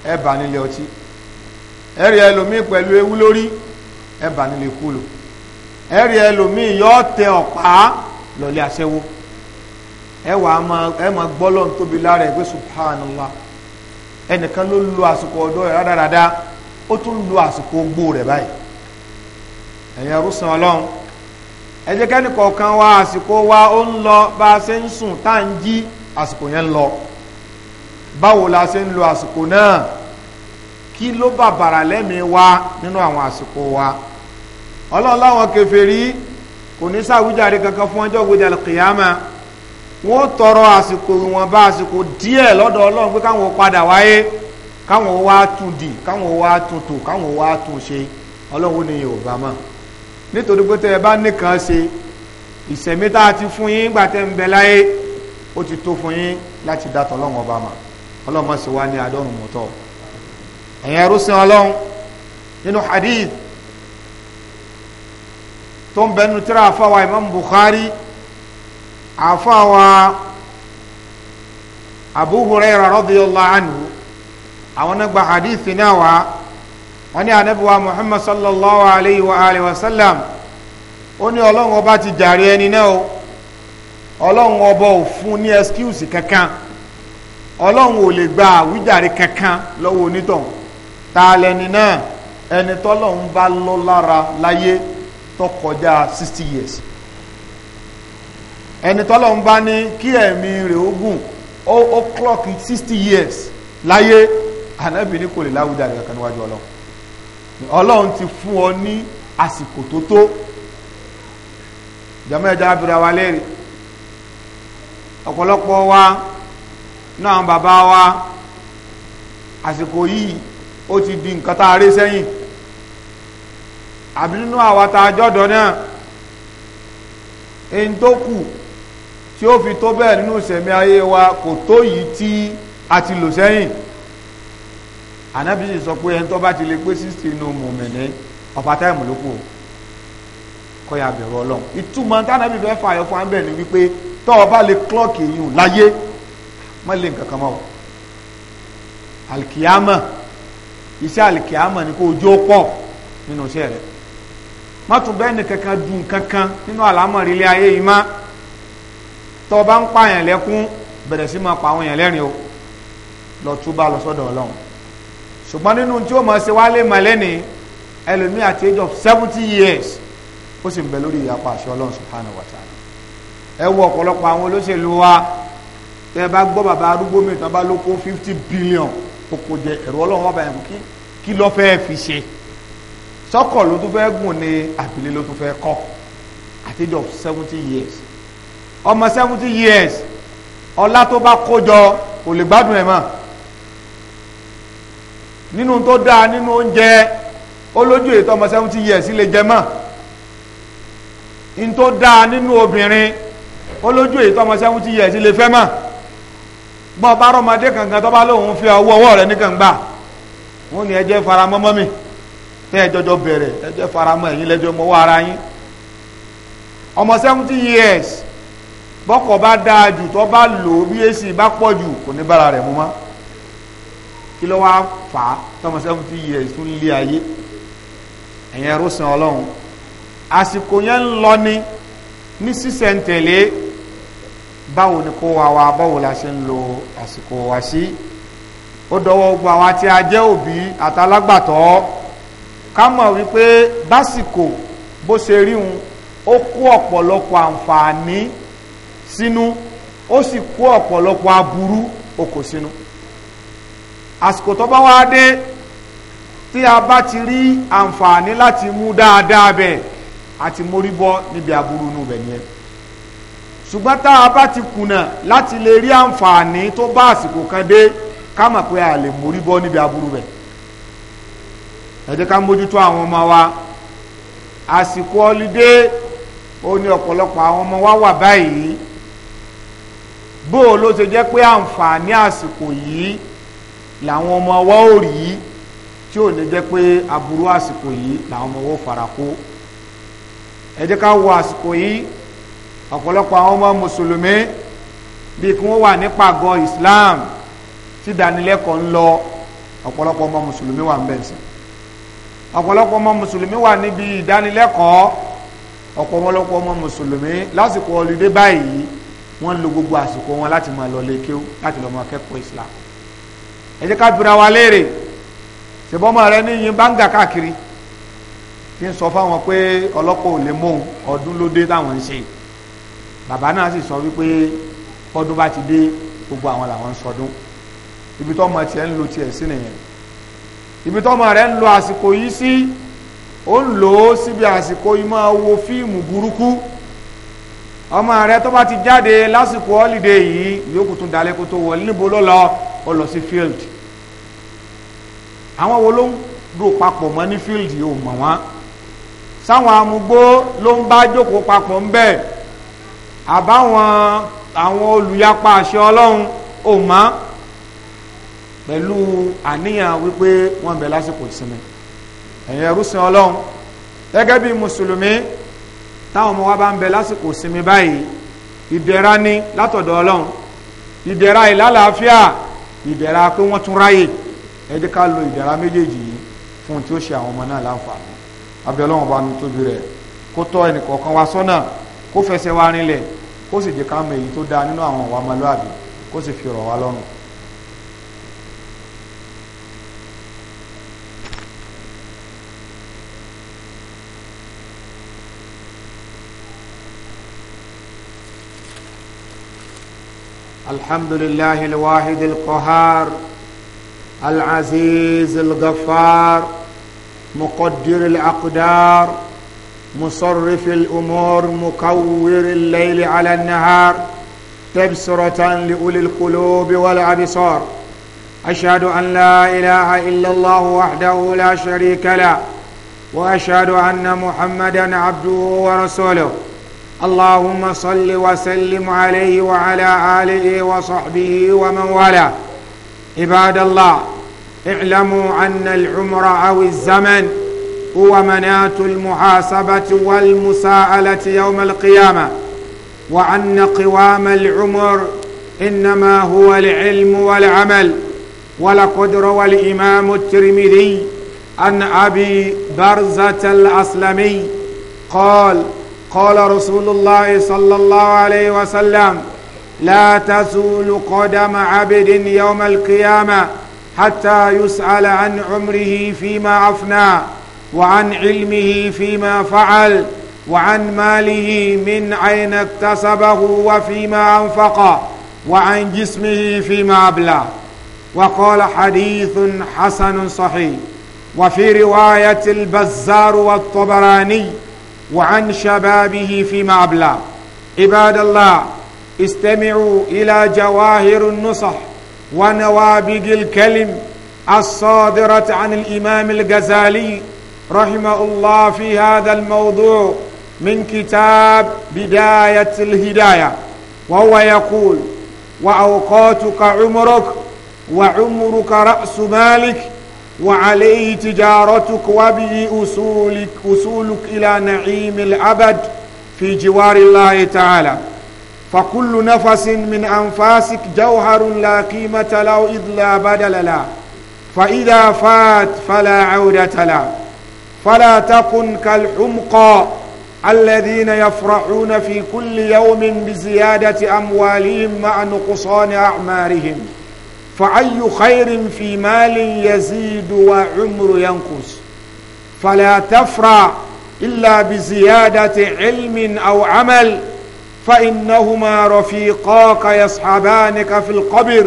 ẹ bà nílé ọtí ẹ rí ẹlòmíì pẹ̀lú ewu lórí ẹ bà nílé kúlò ẹ rí ẹlòmíì yọ tẹ ọ̀pá lọ́lẹ́ àṣẹwó ẹ wà á máa gbọ́ lọ́n lára ẹ pé subhanallah ẹnìkan ló lo àsìkò ọ̀dọ́ rẹ̀ rádaràda ó tún lo àsìkò ogbó rẹ̀ báyìí ẹ̀yẹ rúsan ọlọ́run ẹ jẹ́ kẹ́ni kọ̀ọ̀kan wa àsìkò wa ó ń lọ bá a ṣe ń sùn tá à ń jí àsìkò yẹn ń lọ báwo la ṣe ń lo àsìkò náà kí ló bàbàrà lẹ́mìí wa nínú àwọn àsìkò wa ọlọ́run láwọn kèfèrí kò ní sáwùjáre kankan fún ọjọ́ gbọdọ̀ kìyàmá wọ́n tọrọ àsìkò ìwọ̀nba àsìkò díẹ̀ lọ́dọ̀ ọlọ́run pé káwọn padà wáyé káwọn wá tún dì káwọn wá tún tò káwọn wá tún ṣe ọlọ́run ní yorùbá mọ̀ nítorí pé tẹ́ ẹ bá nìkan ṣe ìṣẹ̀mí tá a ti fún yín gbà tẹ́ ń bẹ láyé ó ti tó fún yín láti dàtọ̀ ọlọ́run ọba mọ̀ ọlọ́run mọ̀ sí wa ní adọ́run mọ̀tọ́ ẹ̀yin arúsìn ọlọ́run nínú hadith tó ń bẹnu tíra fáwa Imam Bukhari àfọwà Abu Hurairah radiyallahu anhu àwọn náà gba hadithi náà wá wọ́n ní anabiwa Muhammad sallallahu alayhi wa alayhi wa sallam ó ní ọlọ́run ọba ti jàre ẹni náà o ọlọ́run ọba ò fún ní excuse kankan ọlọ́run ò lè gba àwíjàre kankan lọ́wọ́ onítọ̀hún ta lẹni náà ẹni tọ́lọ́run bá lọ lára láyé tó kọjá sixty years ẹni tọ́lọ̀ ń bá ní kí ẹ̀mí rẹ̀ ogún ó clock sixty years láyé ànábì ní kò lè láwùjá rẹ̀ kankan níwájú ọlọ́run ọlọ́run ti fún ọ ní àsìkò tó tó jàmọ́ ẹja abira wa léèrè ọ̀pọ̀lọpọ̀ wa náà bàbá wa àsìkò yìí ó ti di nǹkan tá a rí sẹ́yìn àbí nínú àwa tá a jọ́dọ̀ náà èyí tó kù tí ó fi tó bẹ́ẹ̀ nínú ìsẹ̀mí ayé wa kò tó yìí tí a ti lò sẹ́yìn anábìsì sọ pé ẹni tó bá ti lè pé sixty inú mòmìnir ọ̀pá táìmù ló kù o kọ́ ya bẹ̀rù ọlọ́run ìtumọ̀ tánàbí fẹ́ fààyàn fún abẹ́ ni wípé tọ́ ọ bá lè klọ́ọ̀kì yìí láyé má lè nǹkan kan mọ́ o alikiyama iṣẹ́ alikiyama ni kò jó pọ̀ nínú iṣẹ́ rẹ̀ má tún bẹ́ẹ̀ ni kankan dùn kankan nínú àlámọ̀rí ilé ayé yìí má tó o bá ń pààyàn lẹ́kún bẹ̀rẹ̀ sí máa pa àwọn èèyàn lẹ́rìn o lọ túbà lọ sọ́dọ̀ ọlọ́run ṣùgbọ́n nínú tí ó mọ̀ ṣe wálé mọ̀lẹ́ni ẹlòmíì àti age of seventy years ó sì ń bẹ lórí ìyapa àṣẹ ọlọ́run subhanahu wa ta'ala ẹ wo ọ̀pọ̀lọpọ̀ àwọn olóṣèlú wa tẹ́ bá gbọ́ bàbá arúgbó mi tán bá ló kó fifty billion kókó jẹ ẹ̀rọ ọlọ́run wà báyìí kí kí ló fẹ́ fi ṣe sọ́kọ̀ ló tún fẹ́ gùn ní àbílẹ̀ ló tún fẹ́ kọ́ àti age of seventy years ọmọ seventy years ọlá tó bá kó jọ kò lè gbádùn ẹ̀ mọ́ nínú tó dáa nínú oúnjẹ olójú ètò ọmọ seventy years lè jẹ mọ́ n tó dáa nínú obìnrin olójú ètò ọmọ seventy years lè fẹ́ mọ́ bọ́ bá rọmọdé kankan tó bá lóun fi ọwọ́ ọwọ́ rẹ̀ nìkan gbà wọ́n ní ẹjẹ́ faramọ́mọ́ mi tẹ́ ẹ jọjọ bẹ̀rẹ̀ ẹjẹ́ faramọ́ ẹ̀yin lẹ́jọ́ mọ́wọ́ ara yín ọmọ seventy years bọ́kọ̀ bá dáa jù tó bá lò ó bí èsì bá pọ̀ jù kò ní bára rẹ̀ mú mọ́ kí ló wáá fà á tọmọ seventy years tún lé ayé ẹ̀yẹn rúsan ọlọ́run àsìkò yẹn ń lọ ni ní sísẹ̀ntẹ̀lé báwo ni kó wa wa báwo la ṣe ń lo àsìkò wa sí ó dọwọ́ gbogbo àwọn àti ajẹ́ òbí àtàlágbàtọ́ ká mọ̀ wípé básìkò bó ṣe rí un ó kó ọ̀pọ̀lọpọ̀ àǹfààní sínú ó sì kó ọ̀pọ̀lọpọ̀ aburú ó kó sínú àsìkò tó bá wá dé tí a bá ti rí àǹfààní láti mú dáadáa bẹ̀ àti mórí bọ́ níbi aburú inú bẹ̀ nìyẹn ṣùgbọ́n tá a bá ti kùnà láti lè rí àǹfààní tó bá àsìkò kan dé ká mọ̀ pé a lè mórí bọ́ níbi aburú bẹ̀ ẹ jẹ́ ká mójútó àwọn ọmọ wa àsìkò ọlídé ó ní ọ̀pọ̀lọpọ̀ àwọn ọmọ wa wà báyìí bó o ló ṣe jẹ́ pé àǹfààní àsìkò yìí làwọn ọmọ ọwọ́ ò rí tí ò ní jẹ́ pé aburú àsìkò yìí làwọn ọmọ ọwọ́ fara kó ká wo àsìkò yìí ọ̀pọ̀lọpọ̀ àwọn ọmọ mùsùlùmí bíi kí wọ́n wà ní pàgọ́ Islam tí ìdánilẹ́kọ̀ọ́ ń lọ ọ̀pọ̀lọpọ̀ ọmọ mùsùlùmí wà ń bẹ̀ sí ọ̀pọ̀lọpọ̀ ọmọ mùsùlùmí wà níbi ìdánilẹ́kọ̀ọ́ ọ̀pọ̀lọpọ̀ ọmọ mùsùlùmí lásìkò ọlùdé báyìí wọ́n lo gbogbo àsìkò wọn láti máa lọ lé kéw láti lọ máa kẹ́kọ̀ọ́ Islam ẹ jẹ́ ká bira wa léèrè ṣèbọ́mọ rẹ ní yín báńgà káàkiri tí ń sọ fáwọn pé ọlọ́pàá ò lè mọ̀ ọdún ló dé táwọn ń ṣe bàbá náà sì sọ wípé ọdún bá ti dé gbogbo àwọn làwọn ń sọdún ibi tọ́mọ tiẹ̀ ń lo tiẹ̀ sí nìyẹn ibi tọ́mọ rẹ ń lo àsìkò yìí sí ó ń lò ó síbi àsìkò yìí máa wo fíìmù burúkú ọmọ rẹ tó bá ti jáde lásìkò holiday yìí yòókù tún dalẹ́ kó tó wọlé níbo ló lọ ó lọ sí field àwọn wo ló ń rò papọ̀ mọ́ ní field yìí ò mọ̀ wọ́n sáwọn amúgbó ló ń bá jókòó papọ̀ ń bẹ̀ àbáwọn àwọn olùyapa àṣẹ ọlọ́run ò mọ́ pẹ̀lú àníyàn wípé wọ́n bẹ̀ lásìkò ìsinmi ẹ̀yin ẹrú ọlọ́run gẹ́gẹ́ bí mùsùlùmí táwọn ọmọ wa bá ń bẹ lásìkò sinmi báyìí ìdẹ̀ra ni látọ̀dọ̀ ọlọ́run ìdẹ̀ra ìlàlàáfíà ìdẹ̀ra pé wọ́n tún ráyè ẹ jẹ́ ká lo ìdẹ̀ra méjèèjì yìí fún tí ó ṣe àwọn ọmọ náà láǹfààní abẹ́lọ́wọ̀n bá nu tóbi rẹ̀ kó tọ́ ẹnìkọ̀ọ̀kan wa sọ́nà kó fẹsẹ̀ wa rinlẹ̀ kó sì jẹ́ ká mọ èyí tó dáa nínú àwọn ọ̀wà kó sì fi rọ̀ wá lọ́rùn الحمد لله الواحد القهار العزيز الغفار مقدر الأقدار مصرف الأمور مكور الليل على النهار تبصرة لأولي القلوب والأبصار أشهد أن لا إله إلا الله وحده لا شريك له وأشهد أن محمدا عبده ورسوله اللهم صل وسلم عليه وعلى آله وصحبه ومن والاه عباد الله اعلموا أن العمر أو الزمن هو مناة المحاسبة والمساءلة يوم القيامة وأن قوام العمر إنما هو العلم والعمل ولقد روى الإمام الترمذي عن أبي برزة الأسلمي قال قال رسول الله صلى الله عليه وسلم لا تزول قدم عبد يوم القيامة حتى يسأل عن عمره فيما أفنى وعن علمه فيما فعل وعن ماله من أين اكتسبه وفيما أنفقه وعن جسمه فيما أبلى وقال حديث حسن صحيح وفي رواية البزار والطبراني وعن شبابه فيما أبلى عباد الله استمعوا إلى جواهر النصح ونوابق الكلم الصادرة عن الإمام الغزالي رحمه الله في هذا الموضوع من كتاب بداية الهداية وهو يقول وأوقاتك عمرك وعمرك رأس مالك وعليه تجارتك وبه أصولك, أصولك إلى نعيم الأبد في جوار الله تعالى فكل نفس من أنفاسك جوهر لا قيمة له إذ لا بدل له فإذا فات فلا عودة له فلا تكن كالحمقى الذين يفرحون في كل يوم بزيادة أموالهم مع نقصان أعمارهم فأي خير في مال يزيد وعمر ينقص فلا تفرع إلا بزيادة علم أو عمل فإنهما رفيقاك يصحبانك في القبر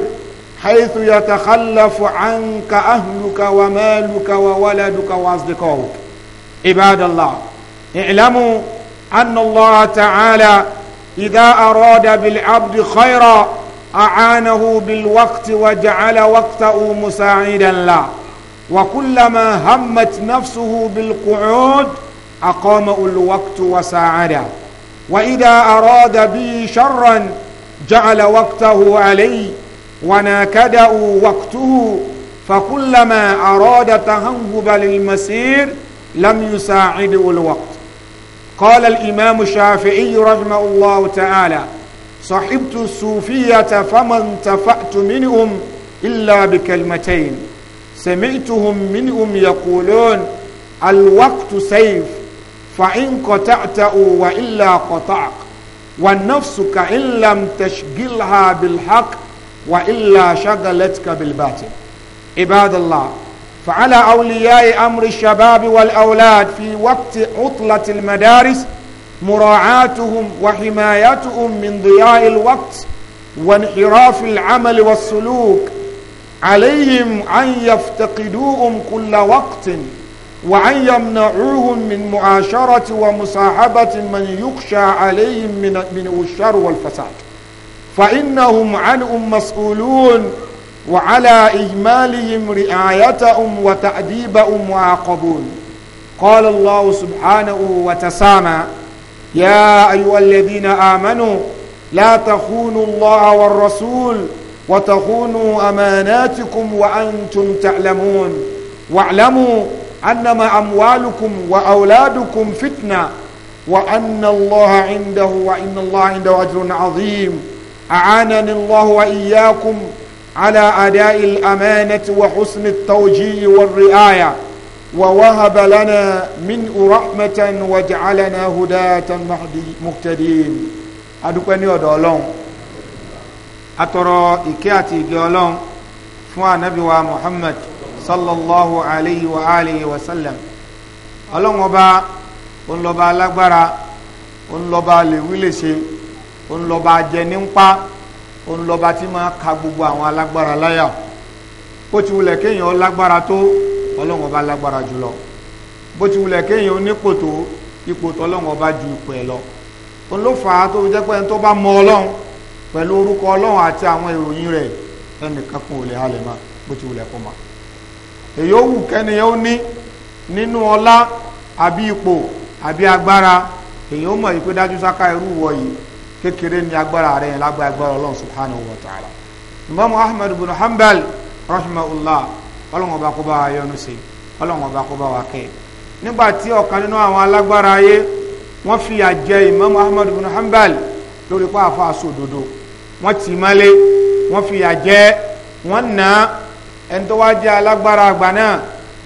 حيث يتخلف عنك أهلك ومالك وولدك وأصدقائك عباد الله اعلموا أن الله تعالى إذا أراد بالعبد خيرا أعانه بالوقت وجعل وقته مساعدا له وكلما همت نفسه بالقعود أقامه الوقت وساعده وإذا أراد بي شرا جعل وقته علي وناكده وقته فكلما أراد تهنهب للمسير لم يساعده الوقت قال الإمام الشافعي رحمه الله تعالى صحبت الصوفية فما انتفعت منهم إلا بكلمتين سمعتهم منهم يقولون الوقت سيف فإن قطعته وإلا قطعك ونفسك إن لم تشغلها بالحق وإلا شغلتك بالباطل عباد الله فعلى أولياء أمر الشباب والأولاد في وقت عطلة المدارس مراعاتهم وحمايتهم من ضياع الوقت وانحراف العمل والسلوك عليهم أن يفتقدوهم كل وقت وأن يمنعوهم من معاشرة ومصاحبة من يخشى عليهم من من الشر والفساد فإنهم عنهم مسؤولون وعلى إجمالهم رعايتهم وتأديبهم معاقبون قال الله سبحانه وتسامى يا أيها الذين آمنوا لا تخونوا الله والرسول وتخونوا أماناتكم وأنتم تعلمون واعلموا أنما أموالكم وأولادكم فتنة وأن الله عنده وإن الله عنده أجر عظيم أعانني الله وإياكم على أداء الأمانة وحسن التوجيه والرعاية ووهب لنا منه رحمة وجعلنا هداة مهتدين adúpẹ́ ní ọ̀dọ̀ Ọlọ́run atọrọ ìkẹ́ àti ìgẹ́ Ọlọ́run fún Ànábì wa Muhammad sallallahu alayhi wa alihi wa sallam Ọlọ́run Ọba òun lọ́ba alágbára òun lọ́ba lèwílèṣe òun lọ́ba ajẹnípa òun lọ́ba tí máa ka gbogbo àwọn alágbára láyà ó ti wulẹ̀ kéèyàn lágbára tó ọlọ́run ọba lágbára jùlọ bó ti wulẹ̀ kéèyàn onípò tó ipò ọba ju ipò ẹ̀ lọ òun ló fà á tó fi jẹ́ pé ẹni tó bá mọ ọlọ́run pẹ̀lú orúkọ ọlọ́run àti àwọn ìròyìn rẹ̀ ẹnìkan kan lè halẹ̀ mọ́ bó ti wulẹ̀ kó mọ́ èyí ó wù ó ní nínú ọlá àbí ipò àbí agbára èyí ó mọ̀ yìí pé dájú sáká irú wọ yìí kékeré ni agbára rẹ̀ yẹn lágbára agbára ọlọ́run ọlọ́wọ́n ọba kó bá wa yọ́nú sí ọlọ́wọ́n ọba kó bá wa kẹ́ nígbà tí ọ̀kan nínú àwọn alágbára ayé wọ́n fi àjẹ Imam Ahmad bin Hanbal lórí pa àfa àsòdodo wọ́n tì í mọ́lé wọ́n fi àjẹ wọ́n nà á ẹni tó wá jẹ́ alágbára àgbà náà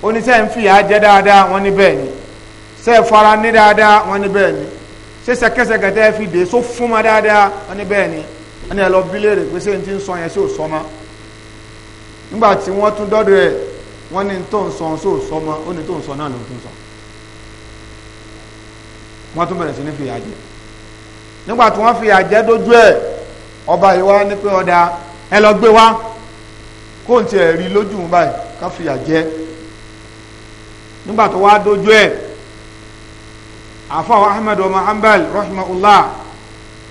oníṣẹ́ ń fìyà jẹ dáadáa wọ́n ní bẹ́ẹ̀ ni ṣe fara ní dáadáa wọn ní bẹ́ẹ̀ ni ṣe ṣẹkẹsẹkẹtẹ fi dè so fún ma dáadáa wọn ní bẹ́ẹ̀ ni wọn ní ẹ lọ bílẹ̀ rẹ̀ pé ṣé n ti sọ yẹn ṣé ò sọ nígbà tí wọ́n tún dọ́dọ̀ ẹ̀ wọ́n ní tó ń sọ sóò sọmọ ó ní tó ń sọ náà ló tún sọ wọ́n tún bẹ̀rẹ̀ sí ní fìyà jẹ nígbà tí wọ́n fìyà jẹ dójú ẹ̀ ọba yìí wá ní pé ọ̀dà ẹ lọ gbé wá kó n tiẹ̀ rí lójú ń báyìí ká fìyà jẹ nígbà tó dójú ẹ̀ àfọwọ́ ahmed ọmọ hanbal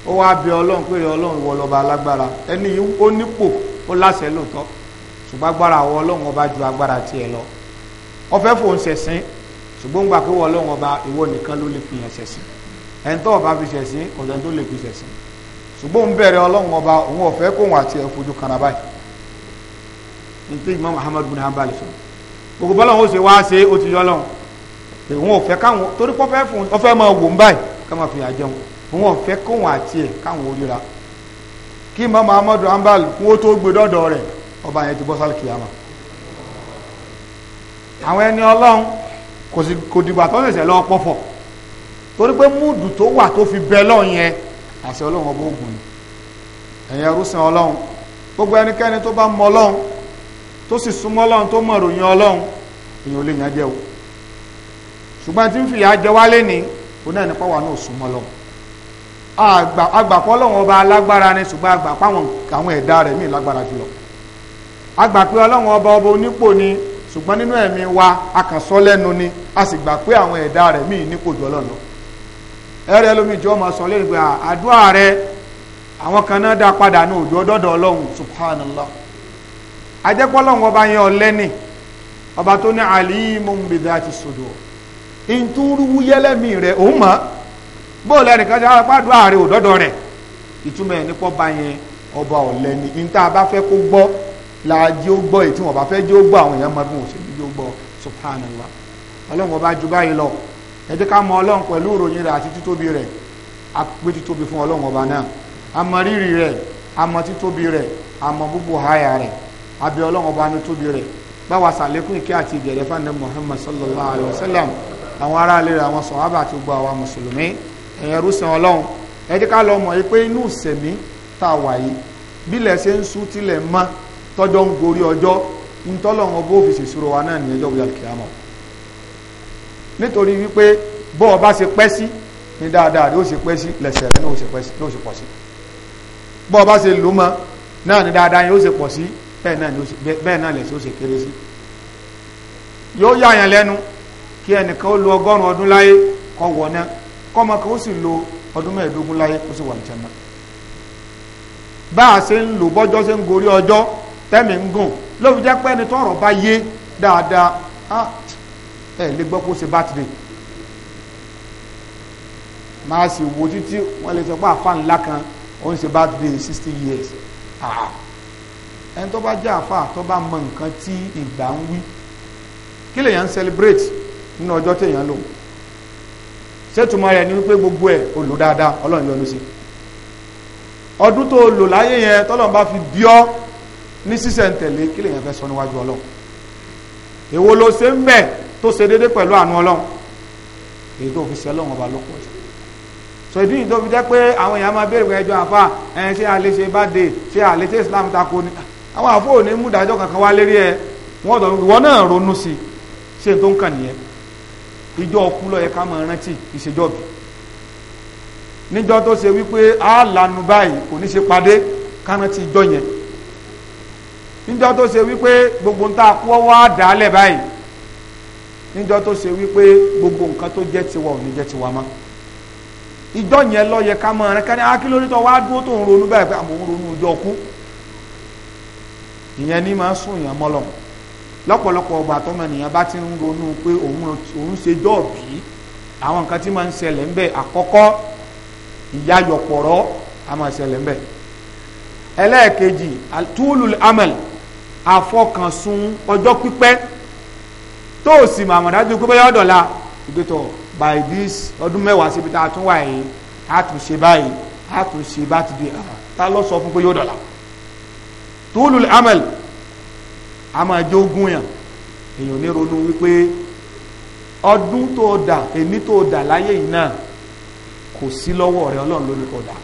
ó wá bẹ ọlọ́run pé ọlọ́run wọ lọ́ba alágbára ẹni ó nípò ó láṣẹ lóòótọ́ ṣùgbọ́n agbára àwọn ọlọ́run ọba ju agbára tiẹ̀ lọ ọfẹ́ fòun ṣẹ̀sìn ṣùgbọ́n gbà pé wọ́n ọlọ́run ọba ìwọ nìkan ló lè fi yàn ṣẹ̀sìn ẹni tó ọba fi ṣẹ̀sìn kò sẹ́ni tó lè fi ṣẹ̀sìn ṣùgbọ́n òun bẹ̀rẹ̀ ọlọ́run ọba òun ọ̀fẹ́ kóun àti ẹ̀ fojú kan náà báyìí nítorí Imam Ahmad bin Hanbal sọ gbogbo bọ́lá wọn ó ṣe wáá ṣe ó ti yọ lọ́hùn òun ò fẹ́ káwọn torí pé ọfẹ́ fún ọfẹ́ máa wò ń báyìí ká máa fi àjẹun òun ò fẹ́ kóun àti ẹ̀ káwọn ó ríra kí Imam Ahmad bin Hanbal kó tó gbé dọ́dọ̀ rẹ̀ ọba yẹn ti bọ́ sálì kìyàmà àwọn ẹni ọlọ́run kò sì kò dìgbà tó ṣẹ̀ṣẹ̀ lọ pọ̀fọ̀ torí pé múùdù tó wà tó fi bẹ lọ́ọ̀ yẹn àṣẹ ọlọ́run ọba ògùn ni ẹ̀yẹn rúṣin ọlọ́run gbogbo ẹnikẹ́ni tó bá mọ ọlọ́run tó sì súnmọ́ ọlọ́run tó mọ̀ ròyìn ọlọ́run èèyàn ò lè yàn jẹ́ o ṣùgbọ́n tí ń fìyà jẹ wálé ni ó náà nípa wà náà súnmọ́ lọ àgbàpọ̀ ọlọ́run ọba alágbára ni ṣùgbọ́n àgbàpọ̀ àwọn ẹ̀dá rẹ̀ mí lágbára jùlọ a gbà pé ọlọ́run ọba ọba onípò ni ṣùgbọ́n nínú ẹ̀mí wa a lẹ́nu ni a sì gbà pé àwọn ẹ̀dá rẹ̀ míì nípò jọ lọ́nà ẹ̀rẹ́ lómi sọ lẹ́nu pé àdúrà rẹ àwọn kan náà dá padà ní òjò ọdọ́dọ̀ ọlọ́run ọba yẹn ọlẹ́ni ọba tó ní ìtúrúwú yẹlẹ́mí òun mọ̀ bóòlù àdúrà rẹ òdọ́dọ̀ ìtumọ̀ ẹ̀ nípọ̀ bá yẹn ọba la jẹ́ ó gbọ́ èyí tí wọ́n bá fẹ́ jẹ́ ó gbọ́ àwọn èèyàn mọ bí wọ́n ṣe ó gbọ́ subhanallah ọlọ́run ọba ju báyìí lọ ẹ jẹ́ ká mọ ọlọ́run pẹ̀lú ìròyìn rẹ̀ àti títóbi rẹ̀ a pé títóbi fún ọlọ́run ọba náà a mọ rírì rẹ̀ a mọ títóbi rẹ̀ a mọ búbu háyà rẹ̀ a bẹ ọlọ́run ọba ní tóbi rẹ̀ báwa sàlékún ìkẹ́ àti ìgẹ̀rẹ́ fáńdé Muhammad sallallahu alayhi wa sallam àwọn aráàlú rẹ̀ àwọn sọ̀hábà àti gbogbo àwa mùsùlùmí ẹ̀yẹn rúṣin ọlọ́run ẹ jẹ́ ká lọ mọ̀ pé inú ìsẹ̀mí tá a wà yìí bílẹ̀ ṣe ń tọ́jọ́ ń gorí ọjọ́ ntọ́lọ́wọ́n bó fi ṣèṣirò wa náà ní ẹjọ́ bóyá kìámọ̀ nítorí wípé bọ́ ọ bá ṣe pẹ́ sí ní dáadáa ló ṣe pẹ́ sí lẹ́sẹ̀ rẹ̀ ló ṣe pẹ́ sí ló ṣe pọ̀ sí bọ́ ọ bá ṣe lò mọ́ náà ní dáadáa yóò ṣe pọ̀ sí bẹ́ẹ̀ náà lẹ̀ṣẹ̀ ó ṣe kéré sí yóò yáyàn lẹ́nu kí ẹnìkan ó lo ọgọ́rùn-ún ọdún láyé kó wọná kọ́mọ kan ó sì lo ọdún mẹ́ẹ̀ẹ́dógún láyé ó sì wà ní jẹ́nà bá a ṣe ń lò bọ́jọ́ ṣe ń gorí ọjọ́ tẹ́mi ń gùn ló fi jẹ́ pé ẹni tọ́rọ̀ bá yé dáadáa ah, ẹ lè gbọ́ kó ṣe bátìrì máa sì wo títí wọ́n lè sọ pé àfa ńlá kan ó ń ṣe bátìrì sixty years ah, ẹni tó bá jẹ́ àfa tó bá mọ nǹkan tí ìgbà ń wí kí lèèyàn ń celebrate nínú ọjọ́ téèyàn lò ṣètùmọ̀ rẹ̀ ni wípé gbogbo ẹ̀ olò dáadáa ọlọ́run yọ́nú sí ọdún tó lò láyé yẹn tọ́lọ́run fi bí ní sísẹ̀ntẹ̀lé kí lèyàn fẹ́ sọ níwájú ọlọ́run èwo ló ṣe ń bẹ̀ tó ṣe déédéé pẹ̀lú àánú ọlọ́run èyí tó fi ṣe ọlọ́run ọba ló pọ̀ jù sọ ìdí ìdó fi jẹ́ pé àwọn èèyàn máa béèrè ẹjọ́ àfa ẹ̀yìn ṣé àlè ṣe bá dé ṣé àlè ṣe Islam tako ni àwọn àfọ òní mú ìdájọ́ kankan wá lérí ẹ wọ́n dọ̀ ìwọ náà ronú sí ṣé tó ń kàn nìyẹn ìjọ ọkú ló yẹ ká máa rántí ìṣèjọbi níjọ tó ṣe wípé á lanu báyìí kò ní ṣe padé ká rántí ìjọ yẹn níjọ́ tó ṣe wípé gbogbo ń ta kú ọwọ́ àdálẹ̀ báyìí níjọ́ tó ṣe wípé gbogbo nǹkan tó jẹ́ tiwa ò ní jẹ́ tiwa mọ́ ìjọ yẹn lọ́yẹ ká mọ ẹran kẹ́ni wá dúró tó ń ronú báyìí pé àmọ́ ah, ń ronú ọjọ́ kú ìyẹn ní máa ń mọ́lọ̀ lọ́pọ̀lọpọ̀ ọgbà tọ́mọ ènìyàn bá ti ń ronú pé àfọkànsùn ọjọ́ pípẹ́ tó o sì màmọ̀ dájú pé bóyá ọ̀dọ̀la ìgbẹ́tọ̀ by this ọdún mẹ́wàá síbi tá a tún wà yìí a tún ṣe báyìí a tún ṣe bá ti di ta lọ sọ fún pé yóò dọ̀la túlù amẹ́l a máa jẹ́ ogún yàn èèyàn ní ronú wípé ọdún tó o dà èmi tó o dà láyé yìí náà kò sí lọ́wọ́ rẹ ọlọ́run ló ní kò dà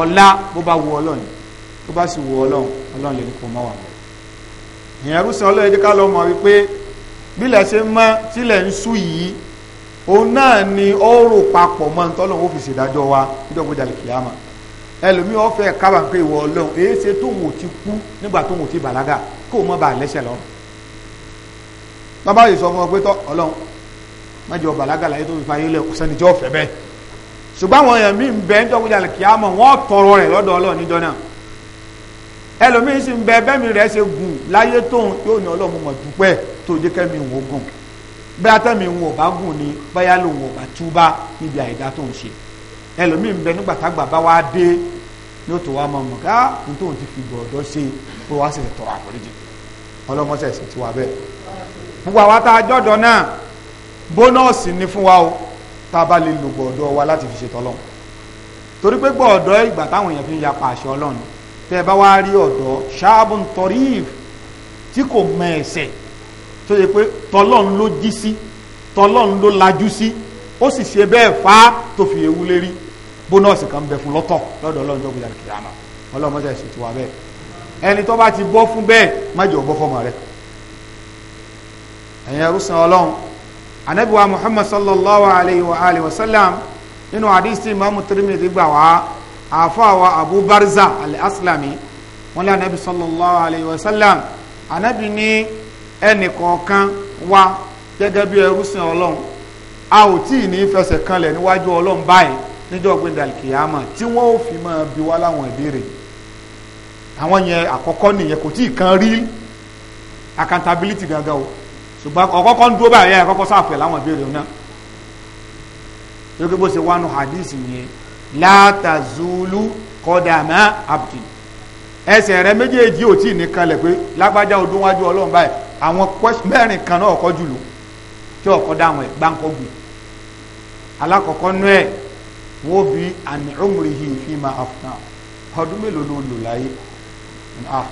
ọ̀la bó bá wu ọlọ́run bó bá sì wu ọlọ́run ọlọ́run lè ní kò mọ́ wà mọ́ ìyẹn rúṣin ọlọ́run jẹ́ ká lọ mọ̀ wípé bílẹ̀ ṣe mọ́ tílẹ̀ ń sú yìí òun náà ni ó rò papọ̀ mọ́ ntọ́lọ́run ó fi ṣèdájọ́ wa níjọba ìdàlẹ̀ kìyàmà ẹlòmíì ó fẹ́ kábà pé ìwọ ọlọ́run èyí ṣe tóun ò ti kú nígbà tóun ò ti bàlágà kó o mọ́ bàa lẹ́sẹ̀ lọ. bàbá yìí sọ fún ọ pé tọ́ ọlọ́run mẹ́jọ bàlágà láyé tó fi fa ilé ọ̀sẹ́ni tí fẹ́ bẹ́ẹ̀ ṣùgbọ́n àwọn èèyàn míì ń bẹ níjọba ìdàlẹ̀ kìyàmà wọ́n tọrọ rẹ̀ lọ́dọ̀ ọlọ́run níjọ náà ẹlòmíín sì ń bẹ bẹ́mi rẹ̀ ṣe gùn láyé tóun yóò ní ọlọ́mọ mọ̀ dúpẹ́ tó jẹ́ kẹ́mi ń wo gùn bẹ́ẹ̀ tẹ́mi ń wo bá gùn ni báyà ló ń wo bá túbá níbi àìdá tó ń ṣe ẹlòmíín bẹ nígbà tágbà bá wá dé ní òtò wa mọ̀ mọ̀ ká ah, ní tóun ti fi gbọ̀dọ̀ ṣe pé wá sì tọrọ àforíjì ọlọ́mọṣẹ́ sì ti wà bẹ́ẹ̀ gbogbo àwa tá a jọ́dọ̀ náà bónọ́ọ̀sì ni fún wa o tá a bá lè lò gbọ̀dọ̀ wa láti fi ṣètọ́ lọ́hùn torí pé gbọ̀dọ̀ ìgbà táwọn èèyàn fi ń yapa àṣẹ ọlọ́run tẹ́ ẹ bá wá rí ọ̀dọ́ ṣáàbù ń tọrí tí kò mọ ẹ̀ṣẹ̀ tó yẹ pé tọlọ́n ló jí sí tọlọ́n ló lajú sí ó sì ṣe bẹ́ẹ̀ fá tó fi ewu lérí bónọ́ọ̀sì kan bẹ fún lọ́tọ̀ lọ́dọ̀ ọlọ́run tó gbé jáde kìláàmà ọlọ́run mọ́tẹ́ ṣètò wa bẹ́ẹ̀ ẹni tó bá ti bọ́ fún bẹ́ẹ̀ má jẹ́ ọ̀bọ́ fọmọ rẹ ẹ̀yin ẹrúsàn ọlọ́run anabiwa muhammad sallallahu alayhi wa alayhi wa sallam nínú àdìsí imaamu tirimidi gbà wá àfàwà abu barza al-aslami wọn lé anabi sallallahu alayhi wa sallam anabi ní ẹnì kọ̀ọ̀kan wa gẹ́gẹ́ bí ẹrú sin ọlọ́run a ò tí ì ní fẹsẹ̀ kanlẹ̀ níwájú ọlọ́run báyìí níjọ́ gbé dàlkìyàmà tí wọ́n ò fi máa bi wá láwọn ìbéèrè àwọn yẹn àkọ́kọ́ nìyẹn kò tí ì kan rí accountability gangan o ṣùgbọ́n ọ̀kọ́kọ́ ń dúró báyìí àkọ́kọ́ sáfẹ̀ láwọn ìbéèrè náà yóò gbé bó ṣe wá hadith yẹn látàzúlù kọ́dàmá abdi ẹsẹ̀ rẹ méjèèjì ò tí ì ní kalẹ̀ pé lágbájá ọdún wájú ọlọ́run báyìí àwọn mẹ́rin kan náà ọkọ jùlọ tí ọkọ dáhùn ẹ̀ gbáǹkọ́ gbé alákọ̀ọ́kọ́ nú ẹ̀ wọ́n bí àmì ọmọrìhì fi máa àfúnà ọdún mélòó ló lò láyé ah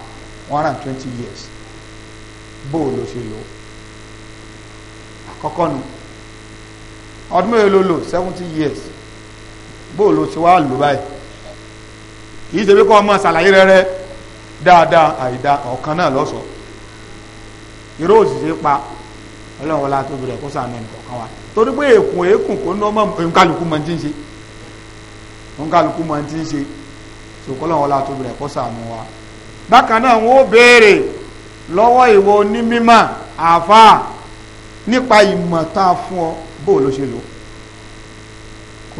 one hundred twenty years bó o lọ ṣe lò àkọ́kọ́ nu ọdún mélòó ló lò seventy years bóòlù ti wá lò báyìí kì í ṣe pé kọ́ ọmọ ṣàlàyé rẹ rẹ dáadáa àìdá ọ̀kan náà lọ́sọ̀ọ́ irú òṣìṣẹ́ pa ọlọ́run wọlá tóbi rẹ̀ kó sàánú ẹnì kọ̀ọ̀kan wa torí pé èkùn èkùn kò ní ọmọ nkálukú mọ tí ń ṣe nkálukú mọ tí ń ṣe ṣòkò ọlọ́run wọlá tóbi rẹ̀ kó sàánú wa. bákan náà wọn ó béèrè lọ́wọ́ ìwọ onímímọ̀ àáfàá nípa ìmọ̀ tá a fún ọ bó ṣe lò ó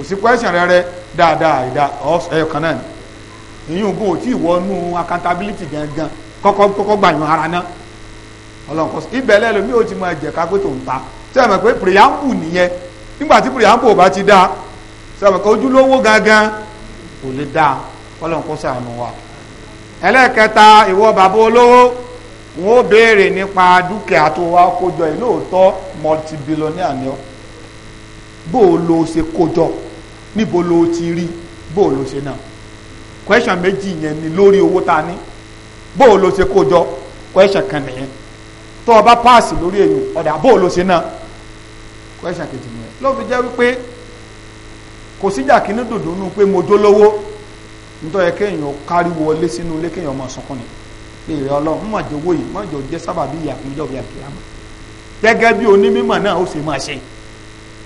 kò sí question rere dáadáa ìdá ẹyọ kan náà ni èyí ògùn ò tí ì wọnú accountability gangan kọ́kọ́ kọ́kọ́ gbàyàn ara náà ọlọ́run kọ́sọ́ ibẹ̀ lẹ́lòmí ò ti mọ ẹ̀jẹ̀ ká pé tó ń ta tẹ́ ẹ mọ̀ pé preamble nìyẹn nígbà tí preamble ò bá ti dáa tẹ́ ẹ mọ̀ pé ojúlówó gangan kò lè dáa ọlọ́run kọ́sọ́ àánú wa ẹlẹ́ẹ̀kẹta ìwọ bàbá olówó wọn ó béèrè nípa dúkìá tó wá kójọ yìí lóòótọ́ multibillionaire ni ọ bó o lo ṣe kójọ níbo lo ti rí bó o lo ṣe náà question méjì yẹn ni lórí owó ta ní bó o lo ṣe kó jọ question kan nìyẹn tó o bá pass lórí èyàn ọ̀dà bó o lo ṣe náà kejì ló fi jẹ́ wípé dòdò nù pé mo nítorí ẹ kéèyàn kárí wọlé sínú ilé kéèyàn ọmọ ni yìí sábàbí gẹ́gẹ́ bí onímọ̀ náà ó sì máa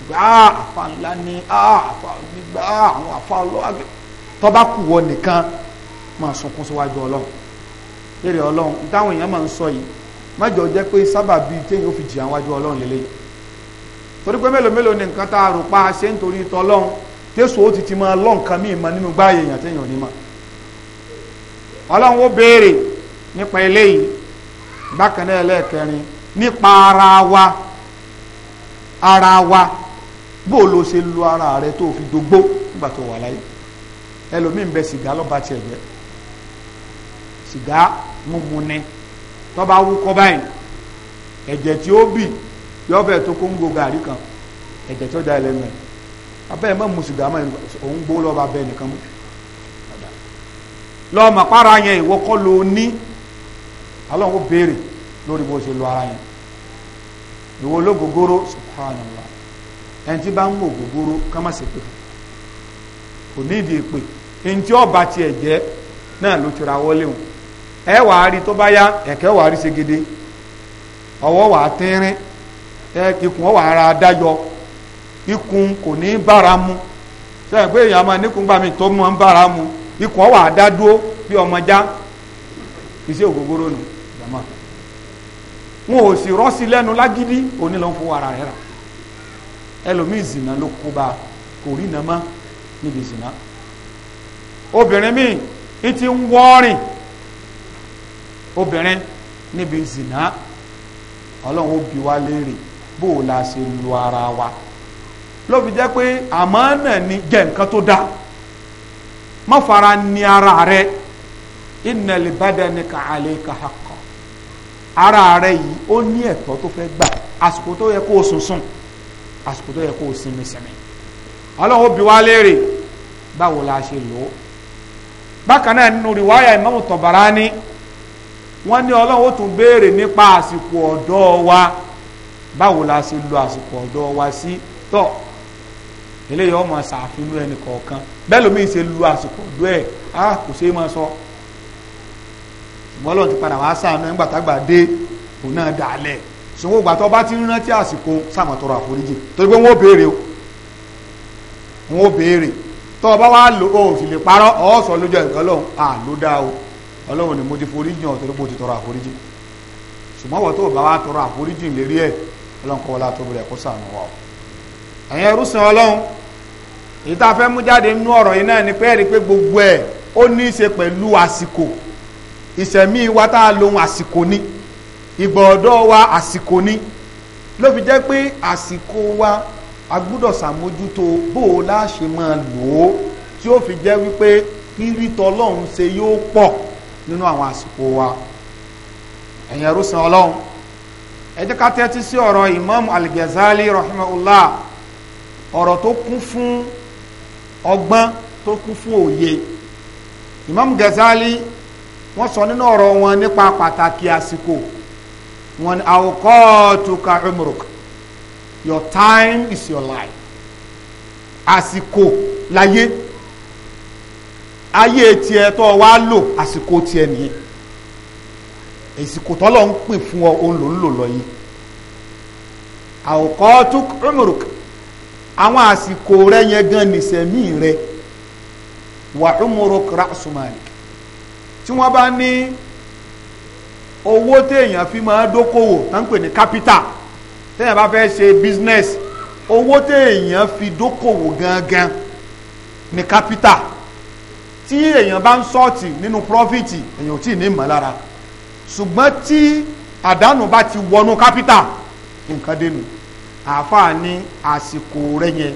gbà àfa ńlá ni àfa gbígbà àwọn àfa ọlọ́wà tọ́ba kù wọ nìkan máa sunkún síwájú ọlọ́run lérè ọlọ́run táwọn èèyàn máa ń sọ yìí má jọ jẹ́ pé sábà bíi téèyàn ó fi jìyà wájú ọlọ́run lélẹ́yìn torí pé mélòó mélòó ni nǹkan tá a rò pa ṣe ń torí tọ́lọ́run tẹ́sù ó ti ti máa lọ́ nǹkan míì mọ nínú gbáyé èèyàn téèyàn ò ní mọ̀ ọlọ́run ó béèrè nípa eléyìí bákan náà ẹlẹ́ẹ̀kẹrin nípa ara wa ara wa bó o lo ṣe lo ara rẹ tó o fi dogbó nígbà tó wà láyé ẹlòmíín bẹ sìgá lọ́ba tiẹ̀ jẹ́ sìgá mímu ni tọ́ba wúkọ́ báyìí ẹ̀jẹ̀ tí ó bì yọ bẹ̀ tó kóńgò gàrí kan ẹ̀jẹ̀ tó da ẹlẹ́nu ẹ̀ abẹ́ ẹ̀ mọ́ mu sìgá mọ́ òun gbó lọ́ba bẹ́ẹ̀ nìkan mú lọ́mọ para yẹn ìwọ kọ́ lo ní alọ́n ó béèrè lórí bó ṣe lo ara yẹn ìwọ ológogoro subhanallah ẹni tí bá ń mọ ògógóró ká má ṣe pé kò ní ìdí èpè ẹni ọba tiẹ̀ jẹ́ náà ló tura wọlé wọn ẹ wàá rí tó bá yá ẹ̀kẹ́ wàá rí segede ọwọ́ wàá tínrín ikùn wàá ra adájọ ikùn kò ní bára mu sẹ́yìn pé èèyàn máa níkùn gbà mí ẹlòmíì zìnà ló kó bá kò rí iná mọ́ níbi zìnà obìnrin míì ti ń wọ́ọ̀rìn obìnrin níbi zìnà ọlọ́run ó bi wá léèrè bó o la ṣe lu ara wa ló fi jẹ́ pé àmọ́ náà ni jẹ́ nǹkan tó dáa má fara ni ara rẹ innal badanika alayka haqqan ara rẹ yìí ó ní ẹ̀tọ́ tó fẹ́ gbà àsìkò tó yẹ kó o sùn sùn. àsìkò tó yẹ kó o sinmi sinmi ọlọ́run bí wá léèrè báwo la ṣe lò ó bákan náà nínú rìwáyà Imamu wọ́n ní ọlọ́wọ́ tún béèrè nípa àsìkò ọ̀dọ́ wa báwo la ṣe lo àsìkò ọ̀dọ́ wa sí tọ́ eléyìí ọmọ ṣàfihàn ẹnì kọ̀ọ̀kan sọ ṣùgbọ́n ọlọ́run ti padà wá sáà náà dé òun ṣùgbọ́n ìgbà tó bá ti ń rántí àsìkò sàmọ̀tọrọ àforíjì torí pé wọ́n ó béèrè wọ́n ó béèrè tó o bá wá lò ó sì lè parọ́ ọ̀ sọ lójú ẹ̀kọ́ lọ́hùn à ló dá o ọlọ́run ni mo ti forí jìn ọ̀tọ̀ ló ti tọrọ àforíjì ṣùgbọ́n wọ́n tó o bá wá tọrọ àforíjì lérí ẹ̀ ọlọ́run kọ́ wọlé àtọ́bù rẹ̀ kó sànù wa o ẹrúsìn ọlọ́run èyí tá a fẹ́ mú jáde nínú ọ̀rọ̀ yìí náà ni pé ẹ̀rí pé gbogbo ẹ̀ ó ní í ṣe pẹ̀lú àsìkò ìṣẹ̀mí wa tá a lohun àsìkò ni ìgbà ọ̀dọ́ wa àsìkò ni ló fi jẹ́ pé àsìkò wa a gbúdọ̀ ṣàmójútó bó o láṣẹ máa lò ó tí ó fi jẹ́ wípé rírí tọlọ́run ṣe yóò pọ̀ nínú àwọn àsìkò wa ẹ̀yin ẹrúsìn ọlọ́run ẹ ká tẹ́tí sí ọ̀rọ̀ Imam Al-Ghazali rahimahullah ọ̀rọ̀ tó kún fún ọgbọ́n tó kún fún òye Imam Gazali wọ́n sọ nínú ọ̀rọ̀ wọn nípa pàtàkì àsìkò wọn awqatuka umruk your time is your life Asiko laye ayé tiẹ̀ tó wá lò àsìkò tiẹ̀ nìyẹn àsìkò tọ́lọ̀ ń pè fún ọ òun ló ń lò lọ yìí awqatuka umruk àwọn asiko rẹ yẹn gan nìsẹ̀mí rẹ wa umruk ra'su malik tí wọ́n bá ní owó téèyàn fi máa dókòwò tá ń pè ní capital téèyàn bá fẹ́ ṣe business owó téèyàn fi dókòwò gangan ní capital tí èèyàn bá ń sọ́ọ̀tì nínú profit èèyàn ò tí ì ní ìmọ̀lára ṣùgbọ́n tí àdánù bá ti wọnú capital nǹkan dénú àáfàá ní àsìkò rẹ yẹn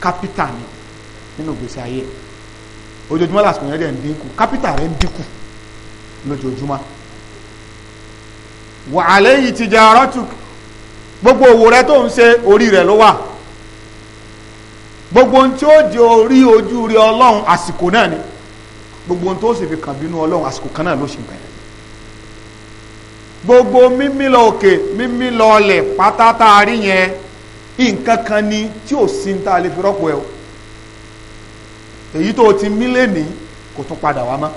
capital ni nínú ìgbésí ayé ojoojúmọ́ làsìkò yẹn dẹ̀ ń dínkù capital rẹ ń dínkù lójoojúmọ́. yìí á lẹ́yìn tijaratuk gbogbo òwò rẹ tó ń ṣe orí rẹ ló wà gbogbo ohun tí ó di orí ojú rí ọlọ́run àsìkò náà ni gbogbo ohun tó sì fi kàn bínú ọlọ́run àsìkò kan náà ló ṣe bẹ̀rẹ̀ gbogbo mímí lọ òkè mímí lọ ọlẹ̀ pátátá rí yẹn nǹkan kan ni tí ò sí ta lè fi rọ́pò ẹ o èyí tó ti mí lẹ́nìí kò tún padà wá mọ́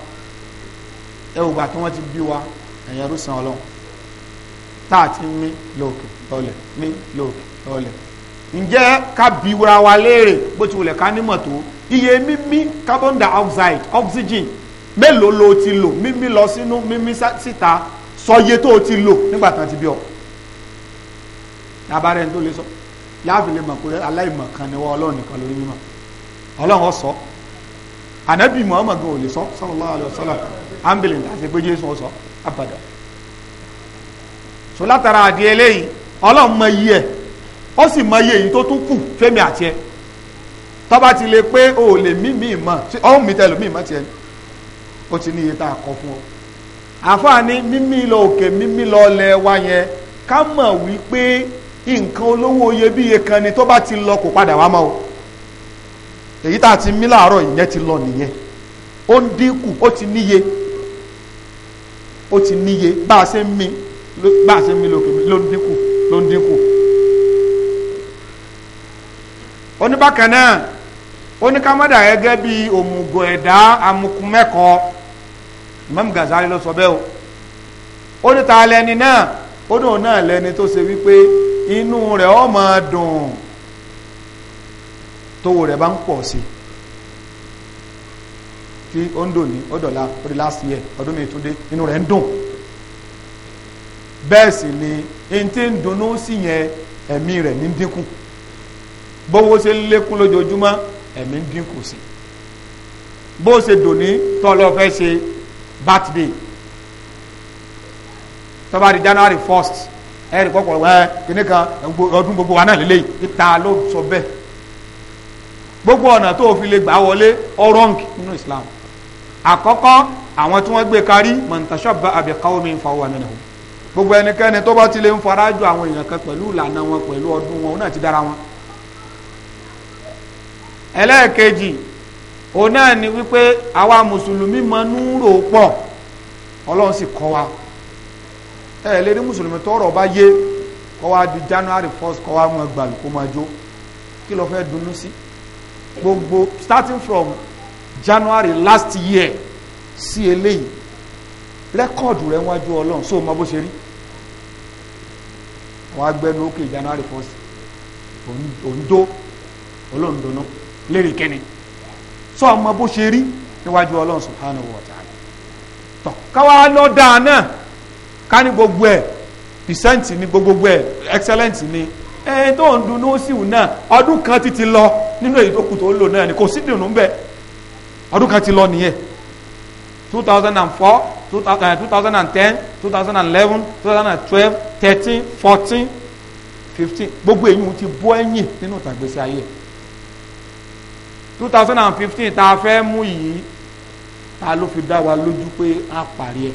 ẹ ò gbà tí wọ́n ti bí wa ẹ̀yẹn rúṣan ọlọ́run tá a ti mí lókè lọ́lẹ̀ mí lókè lọ́lẹ̀ ǹjẹ́ ká bi wura wa léèrè bó ti wulẹ̀ ká nímọ̀ tó iye mímí carbon dioxide oxygen mélòó lo ti lò mímí lọ sínú mímí síta sọye tó o ti lò nígbà tán ti bí ọ abarẹ tó lè sọ láàfin lè mọ̀ pé aláìmọ̀ kan ni wọ́n ọlọ́run nìkan lórí mímọ̀ ọlọ́run ọ̀sọ́ ànábì Muhammad gan ò lè sọ sallallahu alaihi wasallam ámbìlì àti pé Jésù ọ̀sọ́ abàdàn so látara àdí eléyìí ọlọ́run mọ iye ẹ̀ ó sì mọ iye èyí tó tún kù fẹ́mi àti ẹ̀ tọ́ba ti lè pé o ò lè mí mi mọ̀ tí mi tẹ̀ mi mọ̀ tiẹ̀ ó ti ní iye tá a kọ fún ọ. àfààní mímí lọ òkè mímí lọ lẹ wa yẹn ká mọ̀ wípé nǹkan olówó iyebíye kan ni ti lọ padà wá mọ́ o èyí a ti mí láàárọ̀ ìyẹn ti lọ nìyẹn ó ń dínkù ó ti níye ó ti níye bá a bá a ṣe ń mi lòkè ló ń dínkù ló ń dínkù. oníbàkan náà oníkàmọ́dà gẹ́gẹ́ bí òmùgọ̀ ẹ̀dá amukumẹ́kọ̀ọ́ Imam Ghazali ló sọ bẹ́ẹ̀ o ó ní ta lẹni náà ó dùn náà lẹni tó ṣe wípé inú rẹ̀ ó máa dùn tówó rẹ̀ bá ń pọ̀ sí i tí ó ń dùn ní ọdọ̀la orí last year ọdún mi tún dé inú rẹ̀ ń dùn bẹ́ẹ̀ sì ni n ti ń dunnú sí yẹn ẹ̀mí rẹ̀ ní dínkù bówó ṣe ń lékún lójoojúmọ́ ẹ̀mí ń dínkù sí bó ṣe dòní tọ́lọ́ fẹ́ ṣe birthday tó bá di January first ẹ̀rì kọ́kọ́ ẹ̀ kìnnì kan ọdún gbogbo wa náà lélẹ́yìí ìta ló sọ bẹ́ẹ̀ gbogbo ọ̀nà tó fi lè gbà wọlé ọ̀rọ̀ǹk nínú Islam àkọ́kọ́ àwọn tí wọ́n gbé kárí mọ̀ntàṣọ́bà àbẹ̀káwọ́mi ń fa wà nínú gbogbo ẹnikẹ́ni tó bá ti lè ń farajọ àwọn èèyàn kan pẹ̀lú ìlànà wọn pẹ̀lú ọdún wọn ó náà ti dára wọn. ẹlẹ́ẹ̀kejì òun náà ni wípé àwa mùsùlùmí mọ núrò pọ̀ ọlọ́run sì kọ́ wa ẹ lè rí mùsùlùmí tọrọ bá yé kọ́ wa di january first kọ́ wa mọ gbàlù kó máa jó kí ló fẹ́ dunnú sí gbogbo starting from january last year sí eléyìí rẹ́kọ̀dù rẹ̀ wájú ọlọ́run sóò mọ bó ṣe rí wọ́n á gbẹ́nu ókè january first òǹdó olóńdóná lérí kẹ́ni sọ ọmọ bó ṣe rí níwájú ọlọ́run subhanahu wa ta'ala tọ́ káwá lọ́dà náà ká ní gbogbo ẹ̀ percent ní gbogbo ẹ̀ excellent ní ẹ̀ tó ń dunnú síwù náà ọdún kan ti ti lọ nínú èyí tó kù tó lò náà ni kò sí dùnnú bẹ́ẹ̀ ọdún kan ti lọ nìyẹn two thousand and four two thousand and ten two thousand and eleven two thousand and twelve thirteen fourteen fifteen gbogbo èyí ti bọ́ ẹ̀yìn nínú ìtàgbésí ayé two tá a fẹ́ mú yìí ta ló fi dá wa lójú pé a parí ẹ̀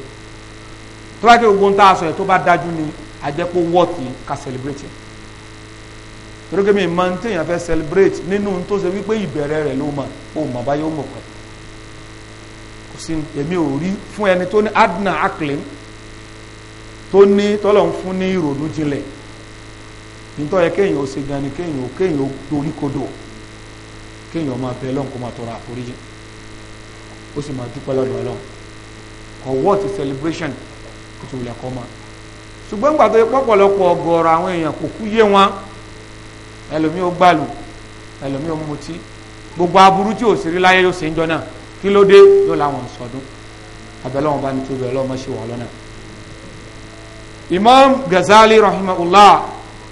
tó bá dé gbogbo ń tá a sọ yẹ tó bá dájú ni àjẹpọ̀ wọ́ọ̀tì ká celebrate yẹn torókè mi máa ń téèyàn fẹ́ celebrate nínú tó ṣe wípé ìbẹ̀rẹ̀ rẹ̀ ló mọ̀ ó mọ̀ báyọ̀ mọ̀ pẹ̀ sí èmi ò rí fún ẹni tó ní adna aklin tó ní tọ́lọ̀ ń fún ní ìrònú jinlẹ̀ nítorí kéèyàn ó ṣe gan ni kéèyàn ó kéèyàn ó dorí kodò kéèyàn máa bẹ lọ́n kó máa tọrọ àforíjì ó sì máa dúpẹ́ lọ́dọ̀ ọlọ́run ọwọ́ ti celebration kò tó wulẹ̀ kọ́ ma ṣùgbọ́n gbàgbé pọ̀pọ̀lọpọ̀ ọgọ́rọ̀ àwọn èèyàn kò kú yé wọn ẹlòmíì ó gbàlù ẹlòmíì ó mutí gbogbo aburú tí ò sí rí láyé yóò ṣe ń jọ náà kí ló dé yóò láwọn sọdún abẹ́lẹ́ wọn bá ní tóbi ọlọ́mọ ṣe wà lọ́nà. Imam Ghazali rahimahullah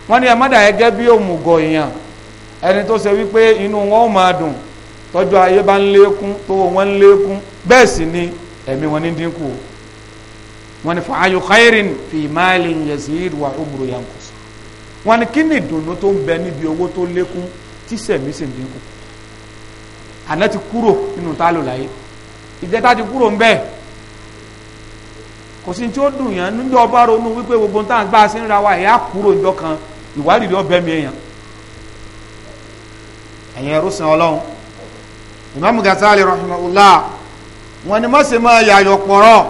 wọ́n ní ẹ má dà gẹ́gẹ́ bí òmùgọ̀ èèyàn ẹni tó ṣe wípé inú wọn ò máa dùn tọ́jú ayé bá ń lékún tó wọn ń lékún bẹ́ẹ̀ sì ni ẹ̀mí wọn ní dínkù o wọ́n fàáyù khairin fi malin yazid wa umru yankus wọ́n ní kí ni ìdùnnú tó ń bẹ níbi owó tó lékún tí sẹ̀mí sì dínkù àná ti kúrò nínú tá a lò láyé ìjẹta ti kúrò ńbẹ kò sí tí ó dùn yàn níjọ bá ronú wípé gbogbo tá à ń gbà sí ń ra wa ẹ̀yà kúrò ìjọ kan ìwádìí ọbẹ̀ mi èèyàn ẹ̀yìn ẹ̀rú sin ọlọ́run Imam Ghazali rahimahullah wọn ni mọ̀sẹ̀ máa yàyọ̀ pọ̀rọ̀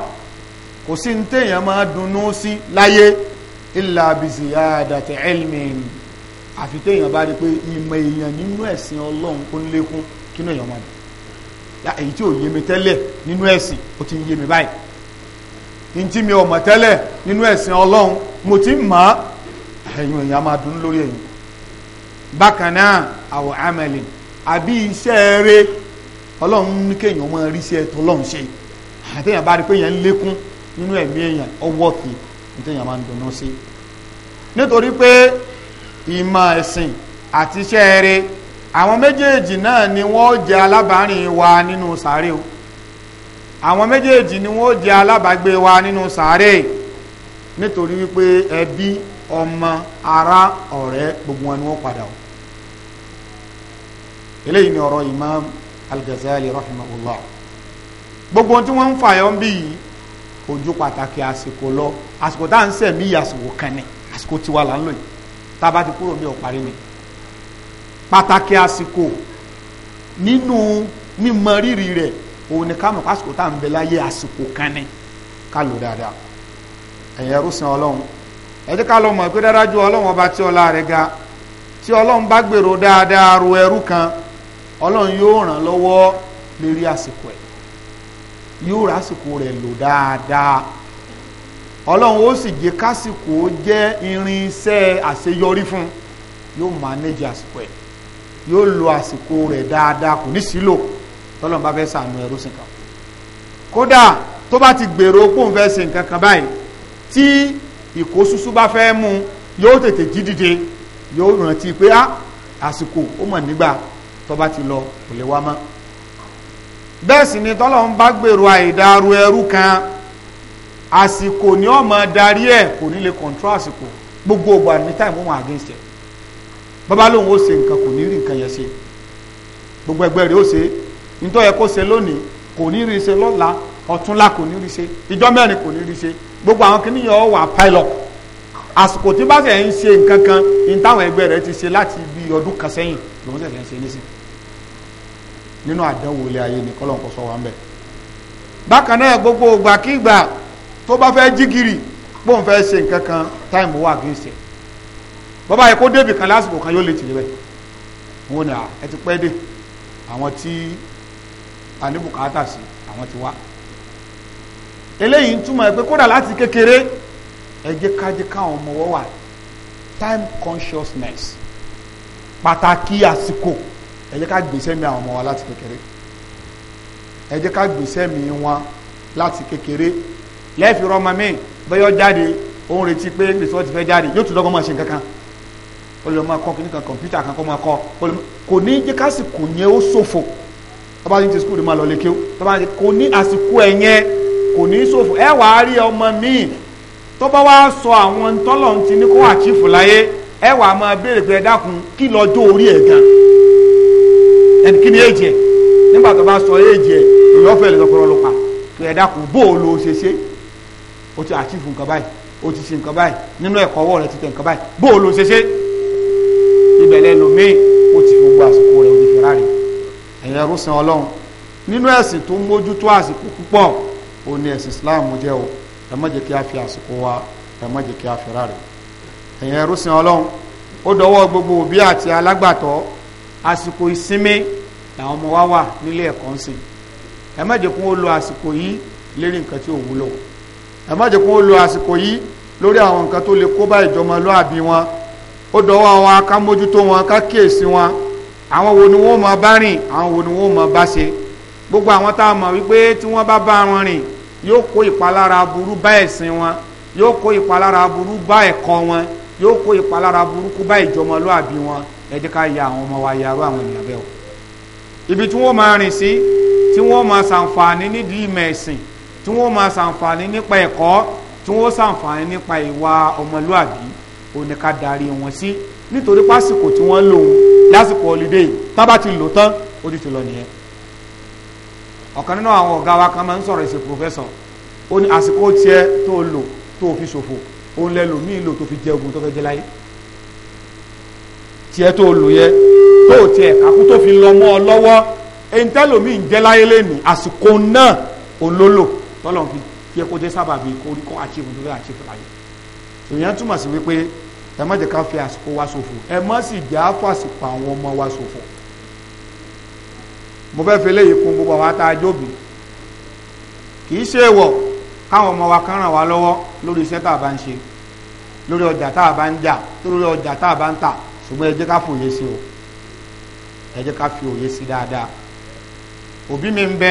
kò sí ní téèyàn máa dunnú sí láyé illa bi ziyadati ilmin àfi téèyàn bá rí pé ìmọ̀ èèyàn nínú ẹ̀sìn ọlọ́run kó ń lékún kí ni èèyàn máa dùn ya èyí tí ò yé mi tẹ́lẹ̀ nínú ẹ̀sìn ó ti ń yé mi báyìí ntí mi ò mọ̀ tẹ́lẹ̀ nínú ẹ̀sìn ọlọ́run mo ti mọ̀ ọ́ ẹ̀yin èèyàn máa dùn lórí ẹ̀yìn bákan náà àwọ̀ amẹ́lì àbí iṣẹ́ eré ọlọ́run ní kéèyàn máa rí iṣẹ́ tó lọ́run ṣe àtẹ̀yàn bá rí pé yẹn ń lékún nínú ẹ̀mí èèyàn ọwọ́ kì í tẹ̀yàn máa ń dùnú sí nítorí pé ìmọ̀ ẹ̀sìn àti iṣẹ́ eré àwọn méjèèjì náà ni wọ́n jẹ́ alábàárìn wa nínú sàárè o àwọn méjèèjì ni wọ́n jẹ́ alábàágbé wa nínú sàárè nítorí wípé ẹbí ọmọ ará ọ̀rẹ́ gbogbo wọn ni wọ́n padà o eléyìí ni ọ̀rọ̀ Imam Al-Ghazali rahimahullah gbogbo tí wọ́n ń fàyọ́ ń bí yìí ojú pàtàkì àsìkò lọ àsìkò tá à ń sẹ̀mí àsìkò kan ni àsìkò tiwa là ń lò yìí tá a bá ti kúrò ní ọ̀parí ni. pàtàkì àsìkò nínú mímọ rírì rẹ̀ òun ni ká pásìkò tá à ń bẹ láyé àsìkò kan ni ká lò dáadáa ẹ̀yẹ rúsan ọlọ́run lọ mọ̀ pé dáadáa ọlọ́run ọba tí ọlá rẹ ga tí ọlọ́run bá kan yóò ràn lọwọ lérí àsìkò yóò rà àsìkò lò dáadáa ó sì kásìkò àṣeyọrí fún yóò máa àsìkò yóò lo àsìkò rẹ̀ dáadáa kò ní sílò tọ́lọ́n bá fẹ́ sànù ẹrú sí kan kódà tó bá ti gbèrò pòun fẹ́ ṣe nǹkan kan báyìí tí ìkó ṣuṣu bá fẹ́ mú yóò tètè jí dìde yóò rántí pé á ah, àsìkò ó mọ̀ nígbà tó bá ti lọ kò lè wá mọ́ bẹ́ẹ̀ sì ni tọ́lọ́n bá gbèrò àìdàrú ẹrú kan àsìkò ni ó darí ẹ̀ kò ní lè control àsìkò gbogbo ògbà ní time ó against ẹ̀ bàbá lòun ó ṣe nǹkan kò ní rí nǹkan yẹn ṣe gbogbo ẹgbẹ́ rẹ̀ ó ṣe nítorí ẹ kó ṣe lónìí kò ní rí ṣe lọ́la ọ̀túnla kò ní rí ṣe ìjọ mẹ́rin kò ní rí ṣe gbogbo àwọn kìnìyàn ọ̀ wà pile up àsìkò tí bá ṣe ń ṣe nǹkan kan ní táwọn ẹgbẹ́ rẹ̀ ti ṣe láti bí ọdún kan sẹ́yìn lòun ṣẹ̀ṣẹ̀ ń ṣe nísìn nínú àdánwò ilé ayé ni kọ́lọ́n kò sọ wá ń bẹ̀. bákan náà gbogbo ìgbàkígbà tó bá fẹ́ jígìrì bóun fẹ́ ṣe nǹkan kan táìmù wà kì í ṣe bọ́bá yẹ kó débì kan lásìkò kan yóò lè tìrẹ bẹ́ẹ̀ wọn ni ẹ ti pẹ́ dé àwọn tí anibukata sí àwọn ti wá eléyìí ń túmọ̀ ẹ pé kódà láti kékeré ẹ jẹ́ ká káwọn ọmọ wọ́n wà time consciousness pàtàkì àsìkò ẹ jẹ́ ká gbèsè mi àwọn ọmọ wa láti kékeré ẹ jẹ́ ká gbèsè mi wọn láti kékeré lẹ́ẹ̀fì rọmọ mi bẹ́ẹ̀ yọ jáde òun retí pé gbèsè wọn ti fẹ́ jáde yóò tún dọ́gbọ́n máa ṣe nǹkan kan ó lè máa kọ́ kí nìkan kọ̀mpútà kan kọ́ máa kọ́ kò ní jẹ́ kásìkò yẹn ó ṣòfò tọ́ba ní ti skul máa lọ lè kí ó tọ́ba ní kò ní àsìkò ẹ̀ yẹn kò ní ṣòfò ẹ wàá rí ọmọ míì tọ́ba wá sọ àwọn tọ́lọ̀ ti ní kó àchífù láyé ẹ wàá máa béèrè pé ẹ dákun kí lọ́jọ́ orí ẹ̀ gan ẹni kí ni èjì ẹ̀ nígbà tó bá sọ èjì ẹ̀ èyí ọ̀fẹ́ lè lọ́pọ̀lọ́ ló pa pé ẹ dákun bó o lo ṣe ṣe o ti àchífù nǹkan báyìí o ti ṣe nǹkan báyìí nínú ẹ̀kọ́ ọwọ́ rẹ ti tẹ̀ nǹkan báyìí bó o lo ṣe ṣe ibẹ̀ lẹ́nu míì ó ti fi gbogbo àsìkò rẹ̀ ó ti fi ráre ẹ̀yẹ rúsan ọlọ́run nínú ẹ̀sìn tó ń mójútó àsìkò púpọ̀ ó ní ẹ̀sìn Islam jẹ́ o ẹ má jẹ́ kí a fi àsìkò wa ẹ má jẹ́ kí a fi ráre ẹ̀yẹ rúsan ọlọ́run ó dọwọ́ gbogbo òbí àti alágbàtọ́ àsìkò ìsinmi làwọn ọmọ wa wà nílé ẹ̀kọ́ ń sìn ẹ má jẹ́ kí wọ́n lo àsìkò yìí lérí nǹkan tí ò wúlò ẹ má jẹ́ kí wọ́n lo àsìkò yìí lórí àwọn nǹkan tó lè kó bá ìjọmọlúàbí wọn ó dọwọ́ àwọn akámójútó wọn ká kíyèsí wọn àwọn wo ni wọ́n máa bá rìn àwọn wo ni wọ́n máa bá ṣe gbogbo àwọn tá a mọ̀ wípé tí wọ́n bá bá wọn rìn yóò kó ìpalára burú bá ẹ̀sìn wọn yóò kó ìpalára burú bá ẹ̀kọ́ wọn yóò kó ìpalára burúkú bá ìjọmọlúàbí wọn ẹ ká ya àwọn ọmọ wa yarú àwọn ènìyàn bẹ́ẹ̀ o ibi tí wọ́n máa rìn sí tí wọ́n máa ṣàǹfààní nídìí ìmọ̀ ẹ̀sìn tí wọ́n máa ṣàǹfààní nípa ẹ̀kọ́ tí wọ́n ṣàǹfààní nípa ìwà ọmọlúàbí ó ní ká darí wọn sí nítorí pásìkò tí wọ́n lò ó lásìkò ọ̀lídé yìí tá bá ti lò tán ó ti ti lọ nìyẹn ọ̀kan nínú àwọn ọ̀gá wa kan máa ń sọ̀rọ̀ ìsìn pòfẹ́sọ̀ ó ní àsìkò tiẹ̀ tó lò tó fi ṣòfò òun lẹ lò míì lò tó fi jẹ ogun tó fẹ́ jẹ láyé tiẹ̀ tó lò yẹ tó tiẹ̀ kàkú tó fi lọ mọ́ ọ lọ́wọ́ ẹni tẹ́lòmíì ń jẹ́ láyé lẹ́nu àsìkò náà òun ló fi yẹ kó jẹ́ sábàbí kó kó achieve tó fẹ́ achieve láyé èèyàn túmọ̀ sí wípé ẹ má jẹ́ ká fi àsìkò wa ṣòfò ẹ má sì jẹ́ àfàsìkò àwọn ọmọ wa ṣòfò mo fẹ́ fi eléyìí kún gbogbo àwa tá a jóbi kì í ṣe èèwọ̀ káwọn ọmọ wa kan ràn wá lọ́wọ́ lórí iṣẹ́ tá a bá ń ṣe lórí ọjà tá a bá ń jà lórí ọjà tá a bá ń tà ṣùgbọ́n ẹ jẹ́ ká fòye sí o ẹ jẹ́ ká fi òye sí dáadáa òbí mi ń bẹ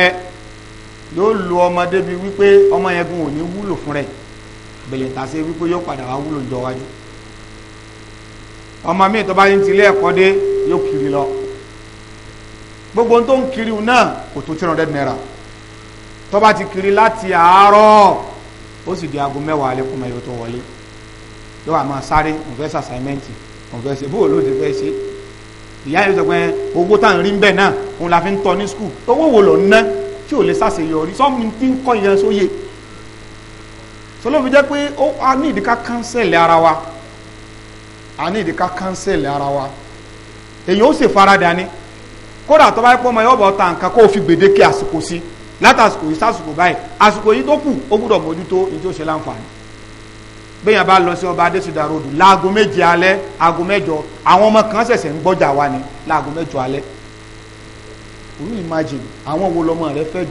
yóò lu ọmọdé bíi wípé ọmọ yẹn gun ò wúlò fún rẹ bẹ̀lẹ̀ tà sí wípé yóò padà wá wúlò jọ wájú ọmọ mi tó bá yín ti ilé ẹ̀kọ́ dé yóò kiri lọ gbogbo tó ń kiri náà kò tó three hundred naira tó bá ti kiri láti àárọ̀ ó sì di aago mẹ́wàá alẹ́ kùmẹ̀ yóò tó wọlé yóò wà máa sáré òǹfẹ́ sàṣàmẹ́ǹtì òǹfẹ́ ṣe bóòlù ló ti fẹ́ ṣe ìyá yóò sọ pé owó tá à ń rí bẹ́ẹ̀ náà òun la fi ń tọ́ ní skul owó wo lọ ná tí ò lè ṣàṣeyọrí sọ́mi ti ń kọ́ ìyẹn sóye sọlọ́ọ̀ fi jẹ́ pé ó ní ìdíkà kánsẹ̀lì ara wa a ní ìdíkà cancel ara wa èyàn ó sì farada ni kódà tó bá yẹ pé ọmọ yóò bọ̀ ta nǹkan kó o fi gbèdéke àsìkò sí látàsìkò yìí sásìkò báyìí àsìkò yìí tó kù ó gbúdọ̀ mójútó ní tí ó ṣe láǹfààní bẹ́ẹ̀ bá lọ sí ọba adésùdà ròdù láago méje alẹ́ aago mẹ́jọ àwọn ọmọ kan ṣẹ̀ṣẹ̀ ń gbọ́jà wa ni láago mẹ́jọ alẹ́ òun àwọn wo lọmọ rẹ fẹ́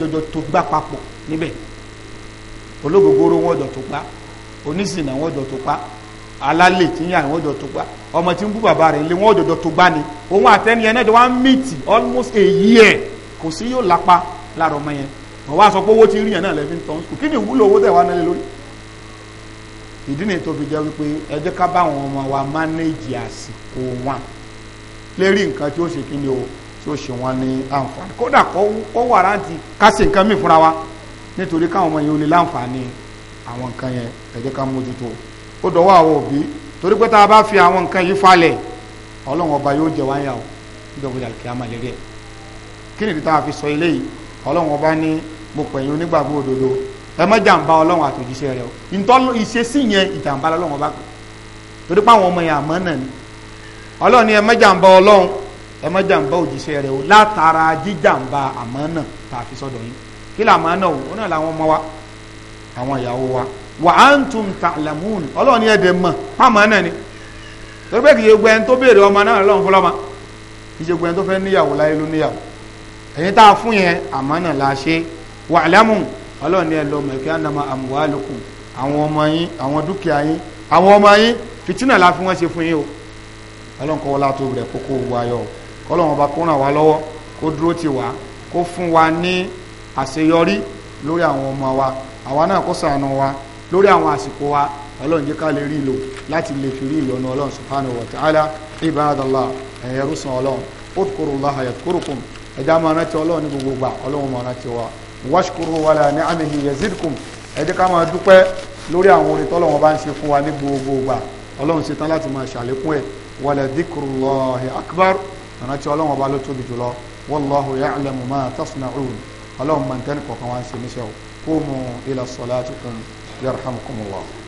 alálè tí ń yà wọ́n jọ tó gbá ọmọ tí ń bú bàbá rẹ̀ lé wọ́n jọjọ tó gbá ni òun àtẹni ẹ̀ náà jọ wá mìtì almost a year kò sí yóò lápá lára ọmọ yẹn wọ́n wá sọ pé owó tí ń rí yẹn náà lẹ́fí ń tọ́ kò kí ni ìwúlò owó tẹ̀ wá nílé lórí. ìdí nìyí tó fi jẹ́ wípé ẹ jẹ́ ká bá àwọn ọmọ wa mánéèjì àsìkò wọn lérí nǹkan tí ó ṣe kí ni o tí ó ṣe wọn ní àǹfààní kódà kó wà láti ká nǹkan mìíràn fúnra wa nítorí káwọn ọmọ yẹn ó lè láǹfààní àwọn nǹkan yẹn ẹ ká mójútó o ó dọ̀wọ́ àwọn òbí torí pé tá a bá fi àwọn nǹkan yìí falẹ̀ ọlọ́run ọba yóò jẹ wá ń yà ó nítorí àlùkìyàmà lérí kí nìdí tá a fi sọ eléyìí ọlọ́run ọba ní mo pẹ̀yìn onígbàgbọ́ òdodo ẹ má jàǹbá ọlọ́run àtòjíṣẹ́ rẹ o ìtọ́lọ́ ìṣesí yẹn ìjàǹbá ọlọ́run ọba kù torí pé àwọn ọmọ yẹn àmọ́ náà ni ọlọ́run ní ẹ má jàǹbá ọlọ́run ẹ má jàǹbá òjíṣẹ́ rẹ o látara jíjàǹbá àmọ́ náà tá a fi sọ́dọ̀ yín kí làmọ́ náà o ó náà làwọn ọmọ wa àwọn ìyàwó wa wa antum ta'lamun ọlọ́run ni ẹ̀dẹ̀ mọ̀ pàmò náà ni torí pé kì í gbẹ́ tó béèrè ọmọ náà lọ́run fún lọ́mọ kì í ṣe gbẹ́ tó fẹ́ níyàwó láyé ló níyàwó ẹ̀yin tá a fún yẹn àmọ́ náà la ṣe wa'lamu ọlọ́run ni ẹ lọ mọ̀ kí anama amwalukum àwọn ọmọ yín àwọn dúkìá yín àwọn ọmọ yín fìtínà la fi wọ́n ṣe fún yín o ọlọ́run kọ́ wọlá tó rẹ̀ kókó wa yọ kọ́lọ́run lórí àwọn àsìkò wa ọlọ́run jẹ́ ká lè rí lò láti lè fi rí ìyọ́nú ọlọ́run subhanahu wa ta'ala ibadallah ẹ̀yẹ rúsan ọlọ́run udkurullaha yadhkurukum ẹ̀dá máa rántí ọlọ́run ní gbogbo gbà ọlọ́run máa rántí wa washkuru wala ni'amihi yazidkum ẹ jẹ́ ká máa dúpẹ́ lórí àwọn orin tọ́lọ́run bá ń ṣe fún wa ní gbogbo gbà ọlọ́run ṣe tán láti máa ṣàlékún ẹ̀ wala dhikrullahi akbar ọlọ́run ọba ló tóbi kọ̀ọ̀kan wá ń ṣe níṣẹ́ o qumu ila salatikum yarxamkum allah